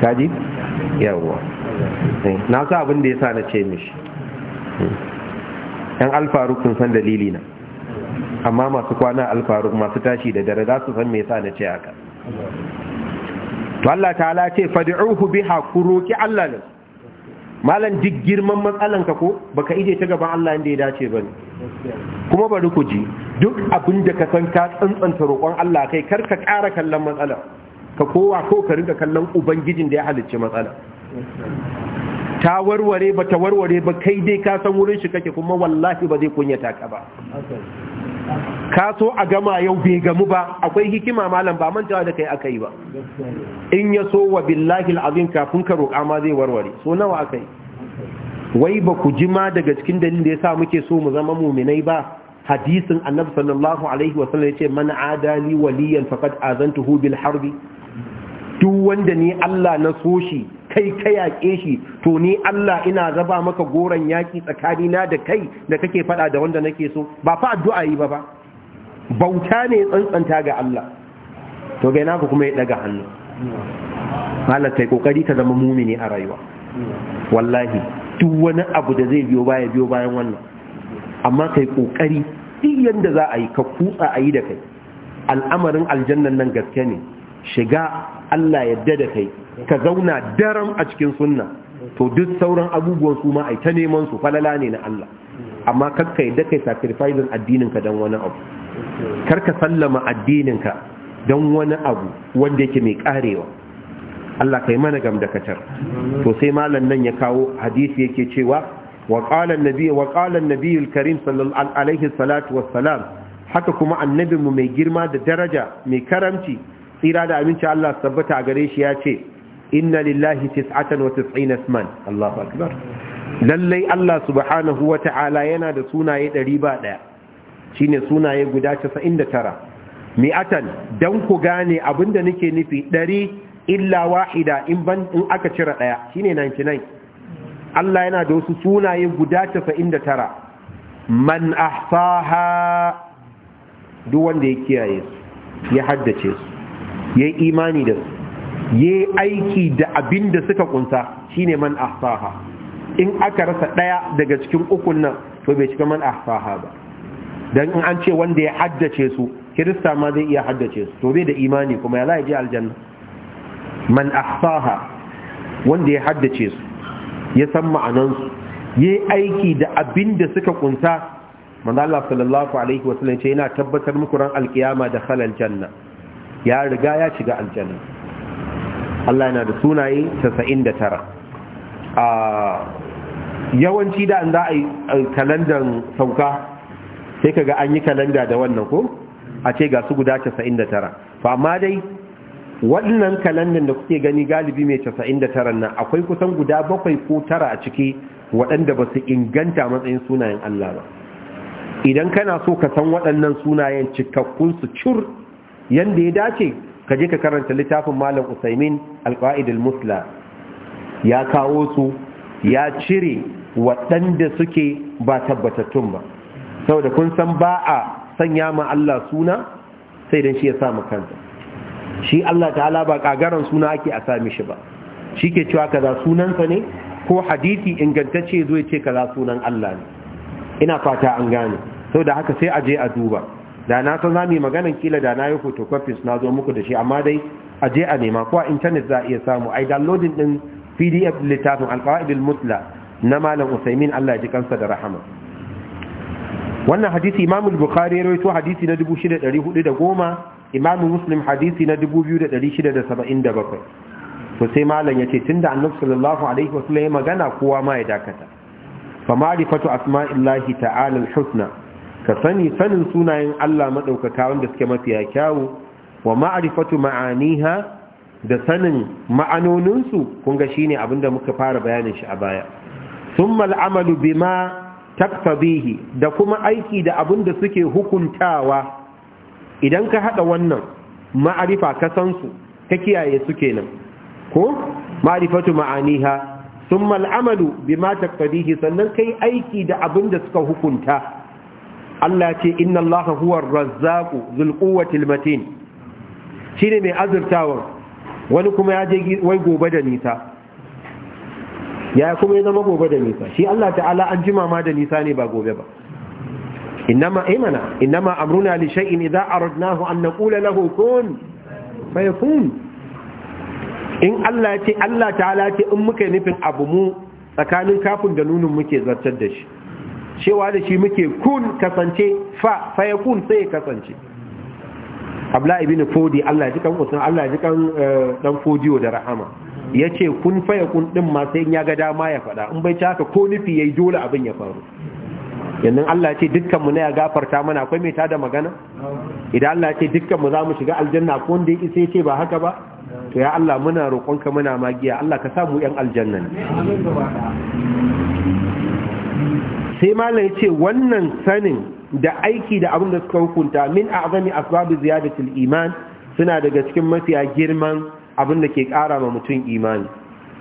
kaji yawa eh, na sa abin da ya sa na ce mishi hmm. yan alfaruk sun san dalili na amma masu kwana alfaruk masu tashi da dare za su san me yasa na ce haka to Allah ta'ala ce fad'uhu biha ku roki Allah ne malam duk girman matsalan ka ko baka ije ta gaban Allah inda ya dace bane kuma bari ku ji duk abin da ka san ka tsantsanta roƙon Allah kai kar ka ƙara kallon matsala ka kowa ko ka rinka kallon ubangijin da ya halicci matsala ta warware ba ta warware ba kai dai ka san wurin shi kake kuma wallahi ba zai kunyata ka ba ka so a gama yau bai gamu ba akwai hikima malam ba mantawa da kai aka yi ba in ya so wa billahi al'azim kafin ka roƙa ma zai warware so nawa aka yi wai ba ku jima daga cikin dalilin da yasa muke so mu zama muminai ba hadisin annabi sallallahu alaihi wasallam yace man adali waliyan faqad azantuhu bil harbi duk wanda ni Allah na so shi kai ka yaƙe shi to ni Allah ina zaba maka goron tsakani na da kai da kake faɗa da wanda nake so ba fa addu'a yi ba ba bauta ne tsantsanta ga Allah to ga ku kuma ya daga hannu Allah kai kokari ka zama mumini a rayuwa wallahi duk wani abu da zai biyo baya biyo bayan wannan amma kai kokari duk yanda za a yi ka kutsa a yi da kai al'amarin aljannan nan gaske ne shiga Allah yadda da kai ka zauna daren a cikin sunna to duk sauran abubuwan su ma ai ta neman su falala ne na Allah amma karka yadda kai sacrificing addinin ka don wani abu karka sallama addinin ka don wani abu wanda yake mai karewa Allah kai mana gam da to sai malam nan ya kawo hadisi yake cewa وقال النبي وقال النبي الكريم صلى عليه الصلاة والسلام haka kuma annabinmu mai girma da daraja mai karamci tsira da aminci Allah sabbata a gare shi ya ce inna lillahi tis'atan wa tis'ina isman Allahu akbar lallai Allah subhanahu wa ta'ala yana da sunaye 101 shine sunaye guda 99 mi'atan dan ku gane abinda nake nufi 100 illa wahida in ban in aka cira daya shine 99 Allah yana da wasu sunaye guda tara man ahsaha duk wanda ya kiyaye su ya haddace su ya yi imani da su ya yi aiki da abin da suka kunsa shine man ahsaha in aka rasa ɗaya daga cikin ukun nan to bai cika man ahsaha ba dan in an ce wanda ya haddace su kirista ma zai iya haddace su to bai da imani kuma ya za ya je aljanna man ahsaha wanda ya haddace su ya san ma'anansu ya yi aiki da abin da suka kunsa manzo Allah sallallahu alaihi wasallam ce yana tabbatar muku ran alkiyama da halal janna ya riga ya shiga aljanna Allah yana da sunaye 99 yawanci da an za a yi kalandar sauka sai kaga an yi kalanda da wannan ko a ce ga su guda 99 fa amma dai waɗannan kalandar da kuke gani galibi mai 99 nan akwai kusan guda bakwai ko tara a ciki waɗanda ba su inganta matsayin sunayen Allah ba idan kana so ka san waɗannan sunayen cikakkun su cur yanda ya dace ka je ka karanta littafin malam usaimin alƙa'idul musla ya kawo su ya cire waɗanda suke ba tabbatattun ba saboda kun san ba a sanya ma Allah suna sai dan shi ya sa mu kanta shi Allah ta'ala ba kagaran suna ake a sami shi ba shi ke cewa kaza sunansa ne ko hadisi ingantacce zuwa ce kaza sunan Allah ne ina fata an gane sau da haka sai a je a duba da na san za mu maganan kila da na yi photocopies na zo muku da shi amma dai a je a nema ko a intanet za a iya samu ai downloading din pdf littafin alqaidul mutla na malam usaimin Allah ya ji kansa da rahama wannan hadisi imamul al-bukhari ya rawaito hadisi na 6410 imamu muslim hadisi na 2677 to sai malam ya ce tun da annabi sallallahu alaihi wasallam ya magana kowa ma ya dakata fa ma'rifatu asma'illahi ta'ala al-husna ka sani sanin sunayen Allah madaukaka wanda suke mafi kyawu wa ma'rifatu ma'aniha da sanin ma'anoninsu kun ga shine abinda muka fara bayanin shi a baya thumma al-amalu bima taqtadihi da kuma aiki da abinda suke hukuntawa idan ka haɗa wannan ma'arifa ka san su ka kiyaye su kenan ko ma'rifatu ma'aniha thumma al'amalu bima taqtadihi sannan kai aiki da abin da suka hukunta Allah ce inna Allah huwa ar-razzaq dhul quwwati matin shine mai azurtawa wani kuma ya je wai gobe da nisa ya kuma ya zama gobe da nisa shi Allah ta'ala an jima ma da nisa ne ba gobe ba إنما إيمنا إنما أمرنا لشيء إذا أردناه أن نقول له كن فيكون إن الله تي الله ce in muke nufin abu mu tsakanin kafin da nunin muke zartar da shi cewa da shi muke kun kasance fa faya kun sai kasance abla ibn fodi Allah ya ji kan usman Allah ya ji kan dan fodiyo da rahama yace kun faya kun din ma sai in ya ga dama ya fada in bai ci haka ko nufi yayi dole abin ya faru yanzu Allah ce dukkan mu ne ya gafarta mana akwai mai tada magana idan Allah ce dukkan mu za mu shiga aljanna ko wanda yake sai ce ba haka ba to ya Allah muna roƙonka muna magiya Allah ka sa mu yan aljanna ne. sai malam ya ce wannan sanin da aiki da abin da suka hukunta min a'zami asbabi ziyadatul iman suna daga cikin mafiya girman abin da ke ƙara ma mutum imani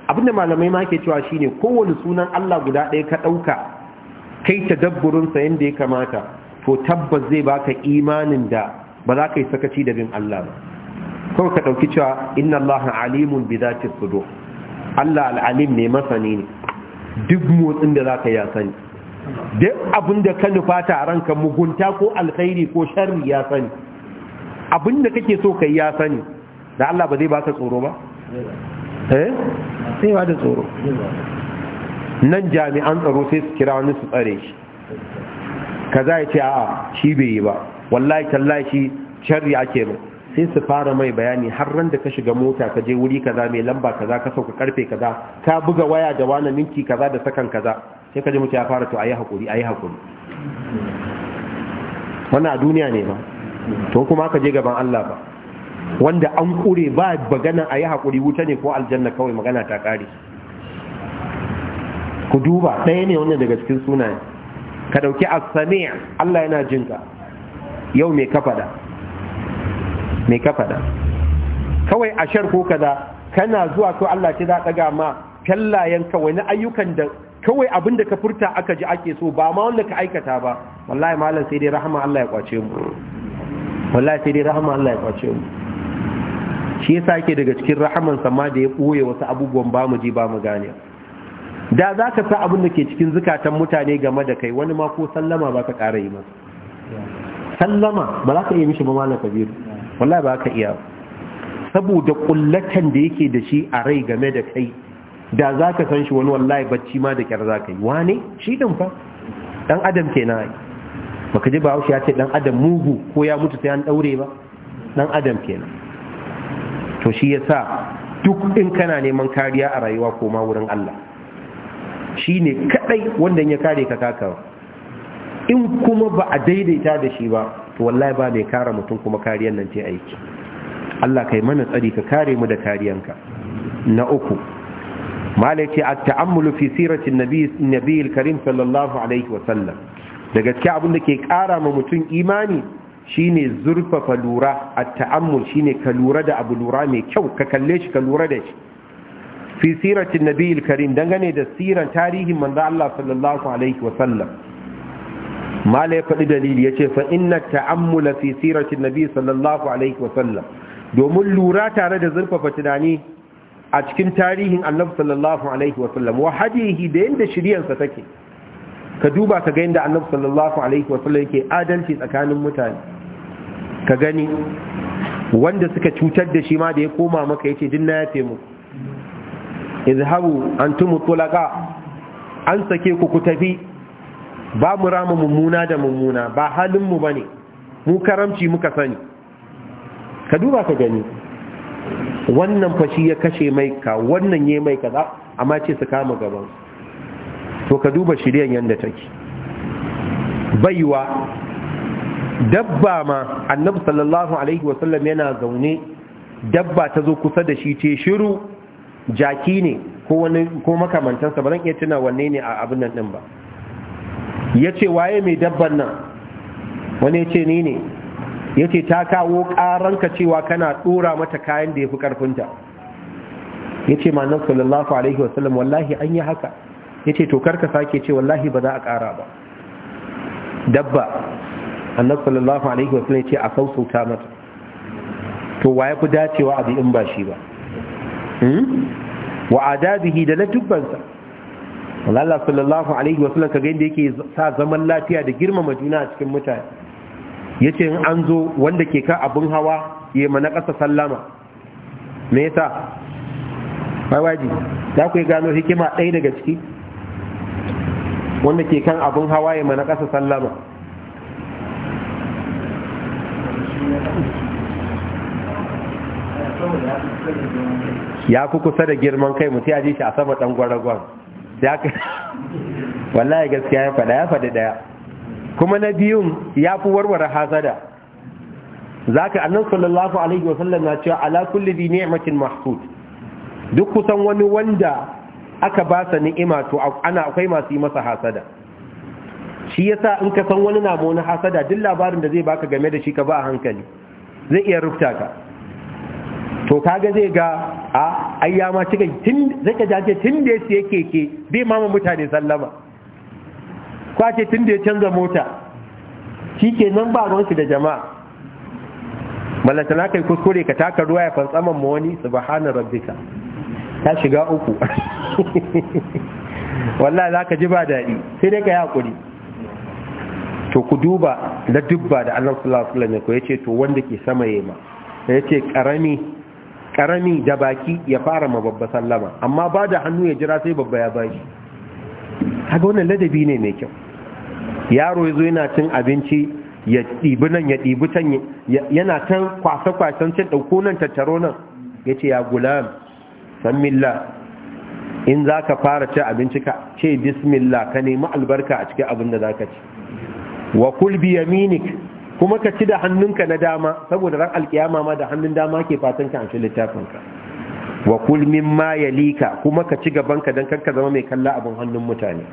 abin da malamai ma ke cewa shine kowane sunan Allah guda ɗaya ka ɗauka kai tadabburinsa yadda ya kamata to tabbas zai baka imanin da ba za ka yi sakaci da bin Allah ba kawai ka ɗauki cewa inna Allah alimun bi ki sudo Allah al'alim ne masani ne duk motsin da za ka ya sani duk abin da ka nufata a ranka mugunta ko alkhairi ko sharri ya sani abin da kake so ka ya sani da Allah ba zai baka tsoro ba eh sai ba da tsoro nan jami'an tsaro sai su kira wani su tsare shi kaza ya ce a'a shi bai yi ba wallahi tallahi shi sharri ake mai sai su fara mai bayani har ran da ka shiga mota ka je wuri kaza mai lamba kaza ka sauka karfe kaza ka buga waya da wani minti kaza da sakan kaza sai ka ji mutu ya fara to ayi hakuri ayi hakuri wannan a duniya ne ba to kuma ka je gaban Allah ba wanda an kure ba magana ayi hakuri wuta ne ko aljanna kawai magana ta kare ku duba ɗaya ne wannan daga cikin sunaye ka ɗauki asami Allah yana jinka yau mai ka faɗa me kawai ashar ko kaza kana zuwa to Allah ce za ɗaga ma kallayen ka wani ayyukan da kawai abin da ka furta aka ji ake so ba ma wanda ka aikata ba wallahi malam sai dai rahama Allah ya kwace mu wallahi sai dai rahama Allah ya kwace mu shi yasa yake daga cikin rahaman sama da ya ɓoye wasu abubuwan ba mu ji ba mu gane da za ka sa abin da ke cikin zukatan mutane game da kai wani ma ko sallama ba ka ƙara yi masu sallama ba za ka iya mishi mamala malam kabiru wallahi ba ka iya saboda kullatan da yake da shi a rai game da kai da za ka san shi wani wallahi bacci ma da kyar za ka yi wane shi din fa dan adam ke na baka ji bahaushe ya ce dan adam mugu ko ya mutu sai an daure ba dan adam ke to shi yasa duk in kana neman kariya a rayuwa koma wurin Allah Shi ne kadai wanda ya kare ka kaka in kuma ba a daidaita da shi ba to wallahi ba mai kare mutum kuma kariyar nan ce aiki Allah kai mana tsari ka kare mu da kariyanka na uku malaki a taammulu fi siratin nabi karim sallallahu alaihi wa sallam da gaskiya abin da ke kara ma mutum imani shine zurfafa lura at-ta'ammul shine ka lura da abu lura mai kyau ka kalle shi ka lura da shi fi siratin nabiyil karim dangane da siran tarihin manzo Allah sallallahu alaihi wa sallam mala ya faɗi dalili yace fa inna ta'ammula fi siratin nabiy sallallahu alaihi wa sallam domin lura tare da zurfafa tunani a cikin tarihin annabi sallallahu alaihi wa sallam wa hadihi da yanda shiryansa take ka duba ka ga yanda annabi sallallahu alaihi wa sallam yake adalci tsakanin mutane ka gani wanda suka cutar da shi ma da ya koma maka yace dinna ya taimaka izhabu antum tulaka, an sake ku ku tafi ba mu rama mummuna da mummuna ba halin mu bane mu karamci muka sani ka duba ka gani wannan fashi ya kashe mai ka wannan yayi mai kaza amma ce su kama gaban to ka duba shiryan yanda take baiwa dabba ma annabi sallallahu alaihi wasallam yana zaune dabba ta zo kusa da shi ce shiru jaki ne ko wani ko makamantansa ba zan iya tuna wanne ne a abin nan din ba ya ce waye mai dabban nan wani ya ce ni ne ya ce ta kawo ƙaranka cewa kana ɗora mata kayan da ya fi ƙarfinta ya ce manan sallallahu alaihi wasallam wallahi an yi haka ya ce to karka sake ce wallahi ba za a ƙara ba dabba annan sallallahu alaihi wasallam ya ce a sausauta mata to waye fi dacewa bi in ba shi ba Hmm? wa adabihi da latubansa Allah sallallahu alaihi wa sallam kaga inda yake sa zaman lafiya da girmama juna a cikin mutane yace in an zo wanda ke ka abun hawa ya mana kasa sallama me yasa bai waji da ku gano hikima ɗaya daga ciki wanda ke kan abun hawa ya mana kasa sallama Thank you. ya ku kusa da girman kai mutu ya ji shi a sama ɗan gwaragwan ya ka wallahi gaskiya ya fada ya faɗi ɗaya kuma na biyun ya fi warware hazada za ka annan sallallahu alaihi wasallam na cewa ala kulli bi ni'matin mahsud duk kusan wani wanda aka ba sa ni'ima to ana akwai masu yi masa hasada shi yasa in ka san wani na wani hasada duk labarin da zai baka game da shi ka ba a hankali zai iya rufta ka to kaga zai ga a ayyama cika tun ka jace tun da yake keke bai mama mutane sallama kwace tun da ya canza mota shikenan ba ruwan shi da jama'a mallaka na kai kuskure ka taka ruwa ya fantsaman ma wani subhana rabbika ta shiga uku wallahi zaka ji ba daɗi sai dai ka yi hakuri to ku duba da dubba da Allah sallallahu alaihi wasallam ya ce to wanda ke sama yema ya ce ƙarami karami da baki ya fara ma babba sallama amma ba da hannu ya jira sai babba ya bashi haka wannan ladabi ne mai kyau yaro ya zo yana cin abinci ya ɗibi nan ya ɗibi can yana can kwasa-kwasan can ɗauko nan tattaro nan ya ya gulam san milla in za ka fara cin abinci ka ce bismillah ka nemi albarka a cikin abin da za ka ci wa kulbi yaminik kuma ka ci da hannunka na dama saboda ran alkiyama ma da hannun dama ke fatan ka amshi littafinka wa kul mimma yalika kuma ka ci gaban gabanka dan ka zama mai kalla abin hannun mutane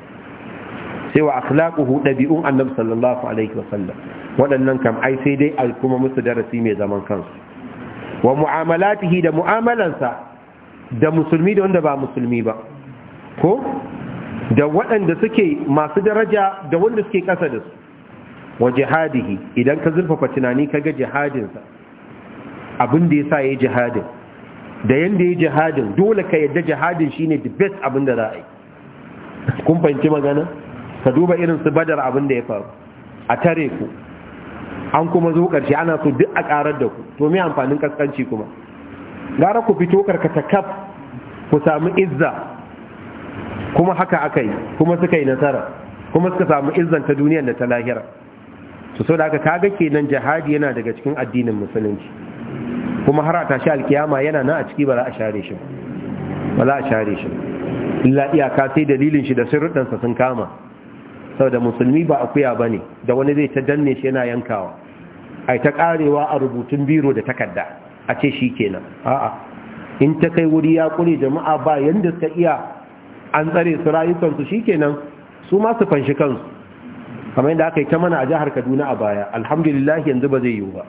sai wa akhlaquhu dabi'un annabi sallallahu alaihi wasallam waɗannan kam ai sai dai a kuma musu darasi mai zaman kansu wa mu'amalatihi da mu'amalansa da musulmi da wanda ba musulmi ba ko da waɗanda suke masu daraja da wanda suke ƙasa da su wa jihadihi idan ka zurfafa tunani kaga jihadinsa abin da yasa yayi jihadin da yanda yayi jihadin dole ka yadda jihadin shine the best abin da za a yi kun fahimci magana ka duba irin su badar abin da ya faru a tare ku an kuma zo ƙarshe ana so duk a karar da ku to me amfanin kaskanci kuma gara ku fito karkata kaf ku samu izza kuma haka aka yi kuma suka yi nasara kuma suka samu izzan ta duniyar da ta lahira to sau da aka kaga kenan jihadi yana daga cikin addinin musulunci kuma har a tashi alkiyama yana nan a ciki ba za a share shi ba za a share shi illa iyaka sai dalilin shi da sa sun kama saboda musulmi ba akuya ba ne da wani zai ta danne shi yana yankawa ai ta karewa a rubutun biro da takarda a ce shi kenan a'a in ta kai wuri ya kure jama'a ba yanda suka iya an tsare su rayukansu shi kenan su ma su fanshi kansu kamar yadda aka yi ta mana a jihar kaduna a baya alhamdulillah yanzu ba zai yiwu ba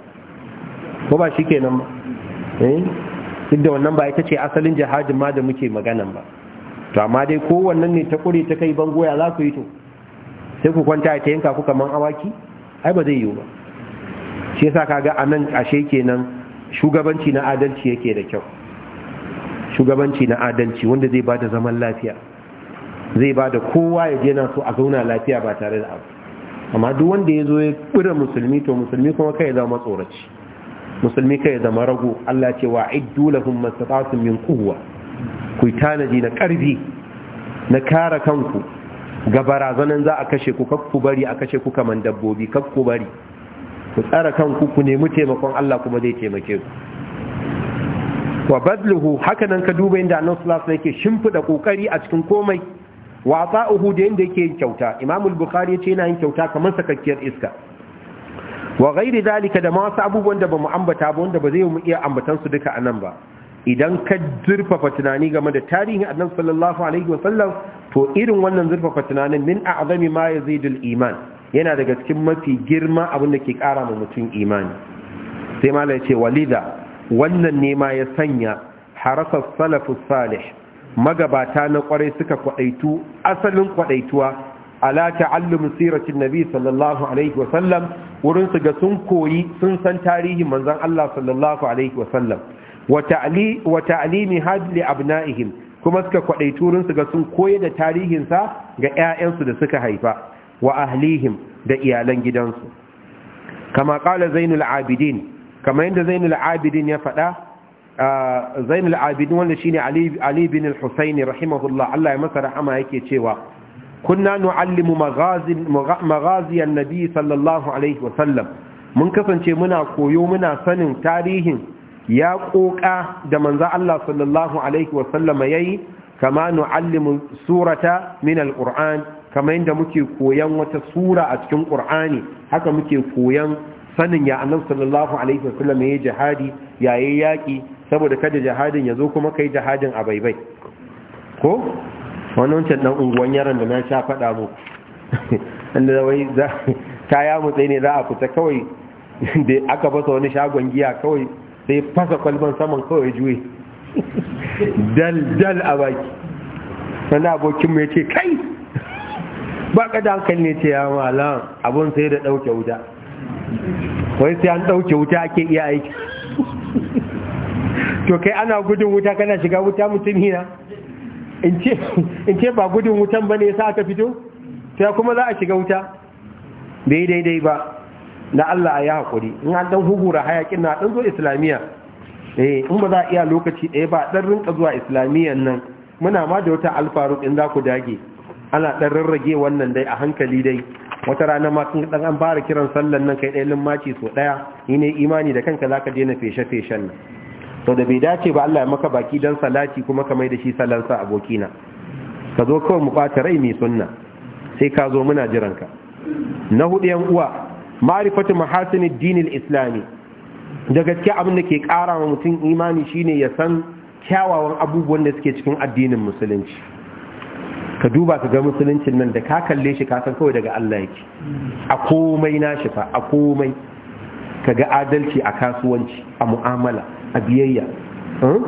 ko ba shi kenan ba eh? duk da wannan ba ita ce asalin jihadin ma da muke maganan ba to amma dai ko wannan ne ta kure ta kai bango ya za ku yi to sai ku kwanta ta yanka ku kaman awaki ai ba zai yiwu ba shi yasa kaga anan ashe kenan shugabanci na adalci yake da kyau shugabanci na adalci wanda zai bada zaman lafiya zai bada kowa ya je na so a zauna lafiya ba tare da abu amma duk wanda ya zo ya ƙura musulmi to musulmi kuma kai zama tsoraci musulmi kai zama rago Allah ce wa iddu lahum mastata'tum min quwwa ku tanaji na ƙarfi na kare kanku ga barazanan za a kashe ku kakku bari a kashe ku kaman dabbobi kakku bari ku tsara kanku ku nemi taimakon Allah kuma zai taimake ku wa badluhu haka nan ka duba inda annabi sallallahu alaihi wasallam yake shimfida kokari a cikin komai wa uhu da yadda yake kyauta imamul al ya ce yana yin kyauta kamar sakakkiyar iska wa ghairi dalika da masu abubuwan da bamu ambata ba wanda ba zai mu iya ambatan su duka anan ba idan ka zurfafa tunani game da tarihin annabi sallallahu alaihi wa sallam to irin wannan zurfafa tunanin min a'zami ma yazidul iman yana daga cikin mafi girma abin da ke kara ma mutum imani sai malai ce walida wannan ne ma ya sanya harasa salafus salih magabata na kwarai suka kwadaitu asalin kwadaituwa ala ta'allum siratin nabi sallallahu alaihi wa sallam wurin su ga sun koyi sun san tarihin manzon Allah sallallahu alaihi wa sallam wa ta'li wa ta'limi li abna'ihim kuma suka kwadaitu wurin su ga sun koyi da tarihin sa ga ƴaƴansu da suka haifa wa ahlihim da iyalan gidansu kama qala zainul abidin kama yanda zainul abidin ya faɗa zainul abidin wanda shine ali bin al-husaini rahimahullah Allah ya masa rahama yake cewa kunna nu'allimu maghazin maghaziyan nabi sallallahu alaihi wa sallam mun kasance muna koyo muna sanin tarihin ya koka da manza Allah sallallahu alaihi wa sallam yayi kama nu'allimu surata min al-qur'an kama da muke koyan wata sura a cikin qur'ani haka muke koyan sanin ya annabi sallallahu alaihi wa sallam yayi jihadi yayi yaki saboda kada jihadin ya zo kuma kai jihadin a baibai ko wani wancan dan unguwan yaran da na sha faɗa mu inda wai za kaya mutse ne za a fita kawai da aka fasa wani shagon giya kawai sai fasa kwalban saman kawai juye dal dal a baki wani abokin mai ya ce kai ba ka da hankali ne ce ya mala abun sai da ɗauke wuta wai sai an ɗauke wuta ake iya aiki to kai ana gudun wuta kana shiga wuta mutum hina in ce ba gudun wutan ba ne ya sa aka fito ta kuma za a shiga wuta bai daidai ba na Allah a yi haƙuri in an ɗan hugura hayaƙin na ɗan zo islamiyya eh in ba za a iya lokaci ɗaya ba ɗan rinka zuwa islamiyyan nan muna ma da wata alfaru in za ku dage ana ɗan rarrage wannan dai a hankali dai wata rana ma sun ɗan an fara kiran sallan nan kai ɗaya limmaci sau ɗaya Ni ne imani da kanka za ka daina feshe-feshen nan sau da bai dace ba Allah ya maka baki don salati kuma ka mai da shi salansa abokina ka zo kawai mu ɓata rai mai sunna sai ka zo muna jiranka na hudu yan uwa ma'rifatu mahasinin dinil islami da gaske abin da ke ƙara wa mutum imani shine ya san kyawawan abubuwan da suke cikin addinin musulunci ka duba ka ga musuluncin nan da ka kalle shi ka san kawai daga Allah yake a komai na fa a komai ka ga adalci a kasuwanci a mu'amala a biyayya hmm?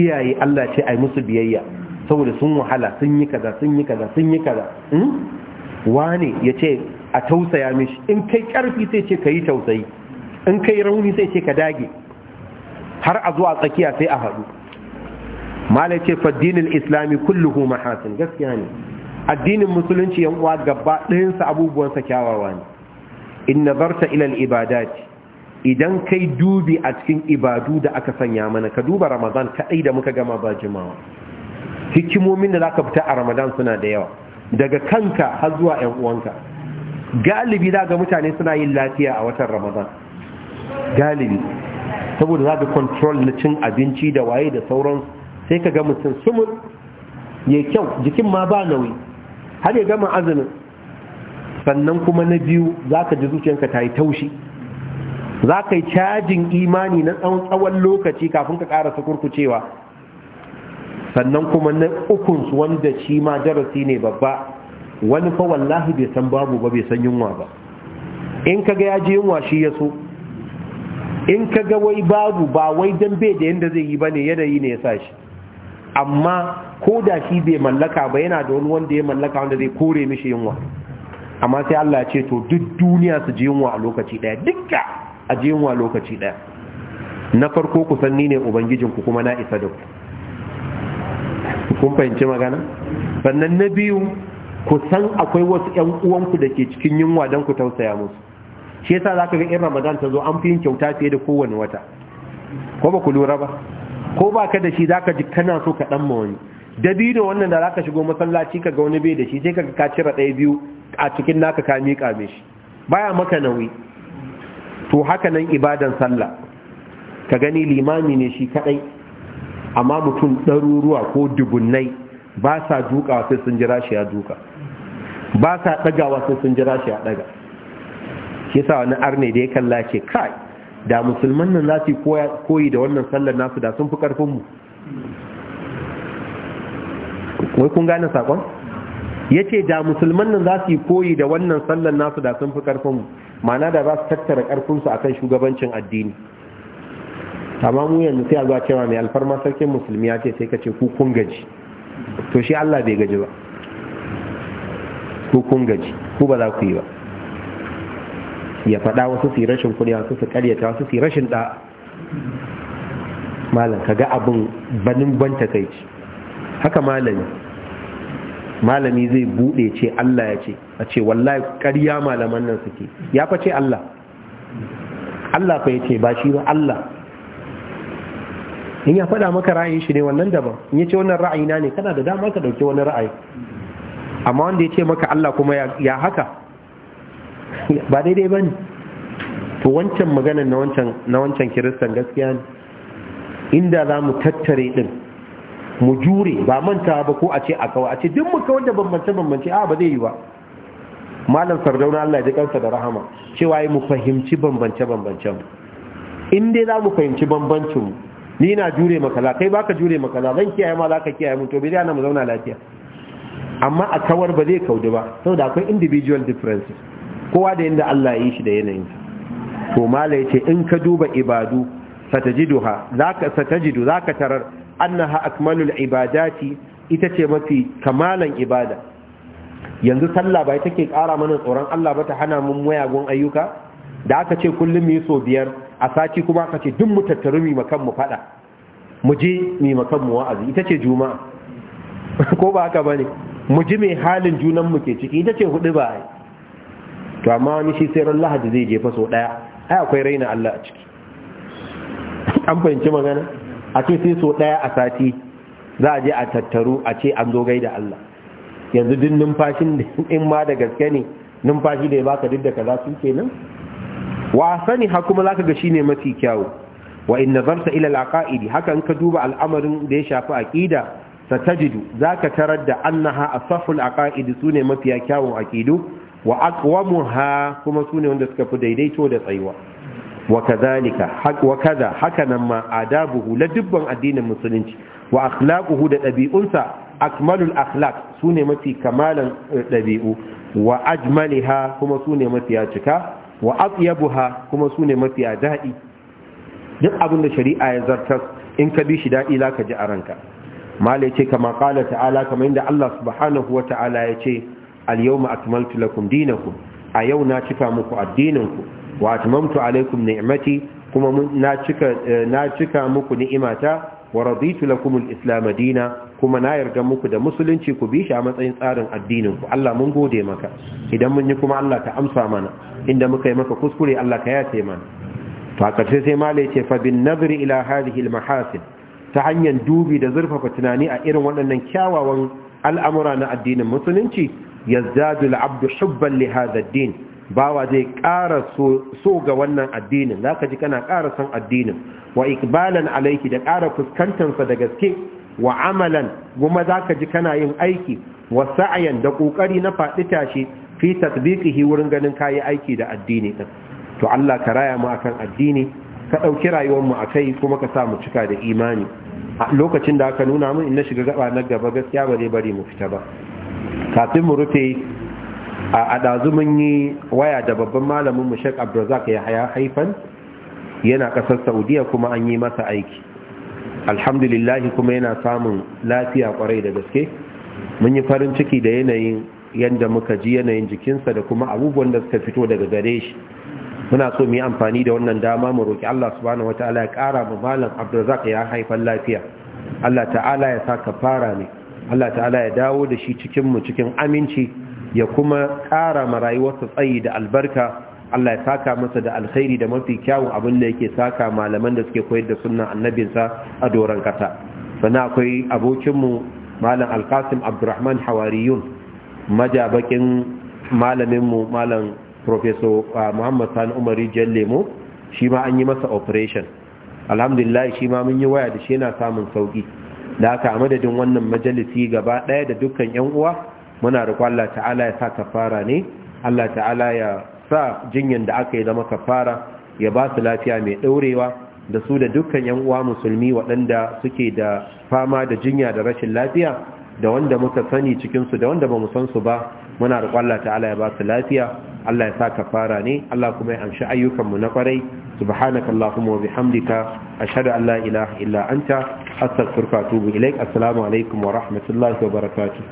iyaye Allah ce ai musu biyayya saboda sun wahala sun yi kaza sun yi kaza sun yi kaza hmm? wane ya ce a tausaya mishi in kai karfi sai ce ka yi tausayi in kai rauni sai ce ka dage har a zuwa tsakiya sai a haɗu malai ce faddinin islami kulluhu mahasin gaskiya ne addinin musulunci yan uwa gaba ɗayansa abubuwansa kyawawa ne in nazarta ilal ibadati idan kai dubi a cikin ibadu da aka sanya mana ka duba ramadan kaɗai da muka gama ba jimawa hikimomin da za ka fita a ramadan suna da yawa daga kanka har zuwa 'yan uwanka galibi za ga mutane suna yin lafiya a watan ramadan galibi saboda za ga control na cin abinci da waye da sauran sai ka ga mutum sumur ya kyau jikin ma ba nauyi har ya gama azumin sannan kuma na biyu za ka ji zuciyarka ta yi taushi za ka yi cajin imani na tsawon tsawon lokaci kafin ka ƙara sukurkucewa sannan kuma na ukunsu wanda shi ma darasi ne babba wani fa wallahi bai san babu ba bai san yunwa ba in ka ga ya je yunwa shi ya so in ka ga wai babu ba wai don bai da yadda zai yi ba ne yanayi ne ya sa shi amma ko da shi bai mallaka ba yana da wani wanda ya mallaka wanda zai kore mishi yunwa amma sai Allah ya ce to duk duniya su ji yunwa a lokaci ɗaya dukka a ji lokaci ɗaya na farko ku sanni ne ubangijinku kuma na isa da ku kun fahimci magana sannan na biyu ku san akwai wasu ƴan uwanku da ke cikin yunwa don ku tausaya musu shi yasa za ka ga yan ramadan ta zo an fi yin kyauta fiye da kowane wata ko ba ku lura ba ko ba ka da shi za ka ji kana so ka ɗan ma wani dabino wannan da za ka shigo masallaci ka ga wani bai da shi sai ka ka cire ɗaya biyu a cikin naka ka miƙa mishi baya maka nauyi to haka nan ibadan sallah ka gani limami ne shi kadai amma mutum ɗaruruwa ko dubunnai ba sa duka sai sun jira shi ya duka ba sa ɗagawa sai sun jira shi ya ɗaga shi sa wani arne da ya kalla ce kai da musulman nan za su koyi da wannan sallar nasu da sun fi ƙarfinmu wai kun gane saƙon ya ce da musulman nan za su koyi da wannan sallar nasu da sun fi ƙarfinmu mana da za su tattara karfinsu kan shugabancin addini amma mu yanzu sai a zuwa cewa mai alfarma sarkin musulmi ya ce sai ka ce kukun kun gaji to shi Allah bai gaji ba kukun kun gaji ku ba za ku yi ba ya faɗa wasu su rashin kuɗi wasu su karyata wasu su rashin ɗa malam ka ga abin banin ban takaici haka malami malami zai bude ce Allah ya ce a ce wallahi ƙarya malaman nan suke ya fa ce Allah Allah fa yace ba shi ba Allah in ya faɗa maka ra'ayin shi ne wannan daban in ya ce wannan ra'ayina ne kana da dama ka dauki wani ra'ayi amma wanda ya ce maka Allah kuma ya haka ba daidai ba ne to wancan maganan na wancan kiristan gaskiya ne inda za mu tattare din mu jure ba manta ba ko a ce a kawai a ce duk mu wanda da bambance bambance a ba zai yi ba malam sardauna Allah ya kansa da rahama cewa yi mu fahimci bambance bambance in dai za mu fahimci bambancin mu ni na jure makala kai baka jure makala zan kiyaye ma za ka kiyaye mun to bai yana mu zauna lafiya amma a kawar ba zai kaudu ba saboda akwai individual differences kowa da yanda Allah ya yi shi da yanayinsa to malai ce in ka duba ibadu fatajiduha zaka satajidu zaka tarar annaha akmalul ibadati ita ce mafi kamalan ibada yanzu sallah bai take kara mana tsoron Allah ba ta hana mun mayagun ayyuka da aka ce kullum mu yi so biyar a sati kuma aka ce duk mu mu makan mu fada mu je mu makan mu wa'azi ita ce juma'a ko ba haka bane mu ji mai halin junan mu ke ciki ita ce hudu ba to amma wani shi sai ran lahadi zai jefa so daya ai akwai raina Allah a ciki an fahimci magana a ce sai so ɗaya a sati za a je a tattaru a ce an zo gaida Allah yanzu duk numfashin in ma da gaske ne numfashi da ya baka duk da kaza su kenan wa sani ha kuma zaka ga shine mafi kyau wa in nazarta ila alaqaidi haka in ka duba al'amarin da ya shafi aqida satajidu zaka tarar da annaha asaful aqaidi sune mafi kyawun aqidu wa aqwamuha kuma sune wanda suka fi daidaito da tsayuwa wa kadhalika wa kaza hakanan ma adabuhu la dubban addinin musulunci wa akhlaquhu da ɗabi'unsa akmalul akhlaq sune mafi kamalan eh, ɗabi'u wa ajmaliha kuma sune mafi cika wa atyabuha kuma sune mafi daɗi duk abin shari'a ya zartar in ka bi shi daɗi za ka ji a ranka malai ce kama ƙala ta'ala kamar inda Allah subhanahu wa ta'ala ya ce al yawma akmaltu lakum dinakum a yau na cika muku addininku wa atmamtu alaikum ni'mati kuma na cika eh, na cika muku ni'imata wa raditu lakum al-islam dina kuma na yarda muku da musulunci ku bi shi a matsayin tsarin addinin ku Allah mun gode maka idan mun yi kuma Allah ka amsa mana inda muka yi maka kuskure Allah ka yace mana to a sai mala ce fa bin nazari ila hadhihi al-mahasin ta hanyar dubi da zurfafa tunani a irin waɗannan kyawawan al'amura na addinin musulunci yazdadu al-abdu hubban li hadha ad-din bawa zai ƙara so ga wannan addinin za ka ji kana ƙara son addinin wa ikbalan alaiki da ƙara fuskantarsa da gaske wa amalan kuma za ka ji kana yin aiki wa sa'ayan da ƙoƙari na faɗi tashi fi tatbiqihi wurin ganin kayi aiki da addini ɗin to Allah ka raya mu akan addini ka ɗauki rayuwar mu a kai kuma ka sa mu cika da imani a lokacin da aka nuna mu in na shiga gaba na gaba gaskiya ba zai bari mu fita ba kafin mu rufe a ɗazu mun yi waya da babban malamin mu shek ya haya haifan yana ƙasar Saudiya kuma an yi masa aiki alhamdulillahi kuma yana samun lafiya kwarai da gaske mun yi farin ciki da yanayin yadda muka ji yanayin jikinsa da kuma abubuwan da suka fito daga gare shi muna so mu yi amfani da wannan dama mu roƙi. Allah subhanahu wataala ya kara ma malam Abdulrazak ya haifan lafiya Allah ta'ala ya saka fara ne Allah ta'ala ya dawo da shi cikin mu cikin aminci ya kuma ƙara ma rayuwarsa tsayi da albarka Allah ya saka masa da alkhairi da mafi kyawun abin da yake saka malaman da suke koyar da sunan annabinsa a doron kasa sannan akwai abokinmu malam alkasim abdurrahman hawariyun majabakin malaminmu malam profeso ah, muhammad sani umari lemo shi ma an yi masa operation alhamdulillah shi ma mun yi waya da shi yana samun sauki da aka a madadin wannan majalisi gaba ɗaya da dukkan 'yan uwa muna riko Allah ta'ala ya sa kafara ne Allah ta'ala ya sa jinyan da aka yi zama kafara ya ba su lafiya mai ɗaurewa da su da dukkan yan uwa musulmi waɗanda suke da fama da jinya da rashin lafiya da wanda muka sani cikin su da wanda bamu san su ba muna riko Allah ta'ala ya ba su lafiya Allah ya sa kafara ne Allah kuma ya amshi ayyukan mu na kwarai subhanaka allahumma wa bihamdika ashhadu an la ilaha illa anta astaghfiruka wa atubu ilaik alaikum wa rahmatullahi wa barakatu.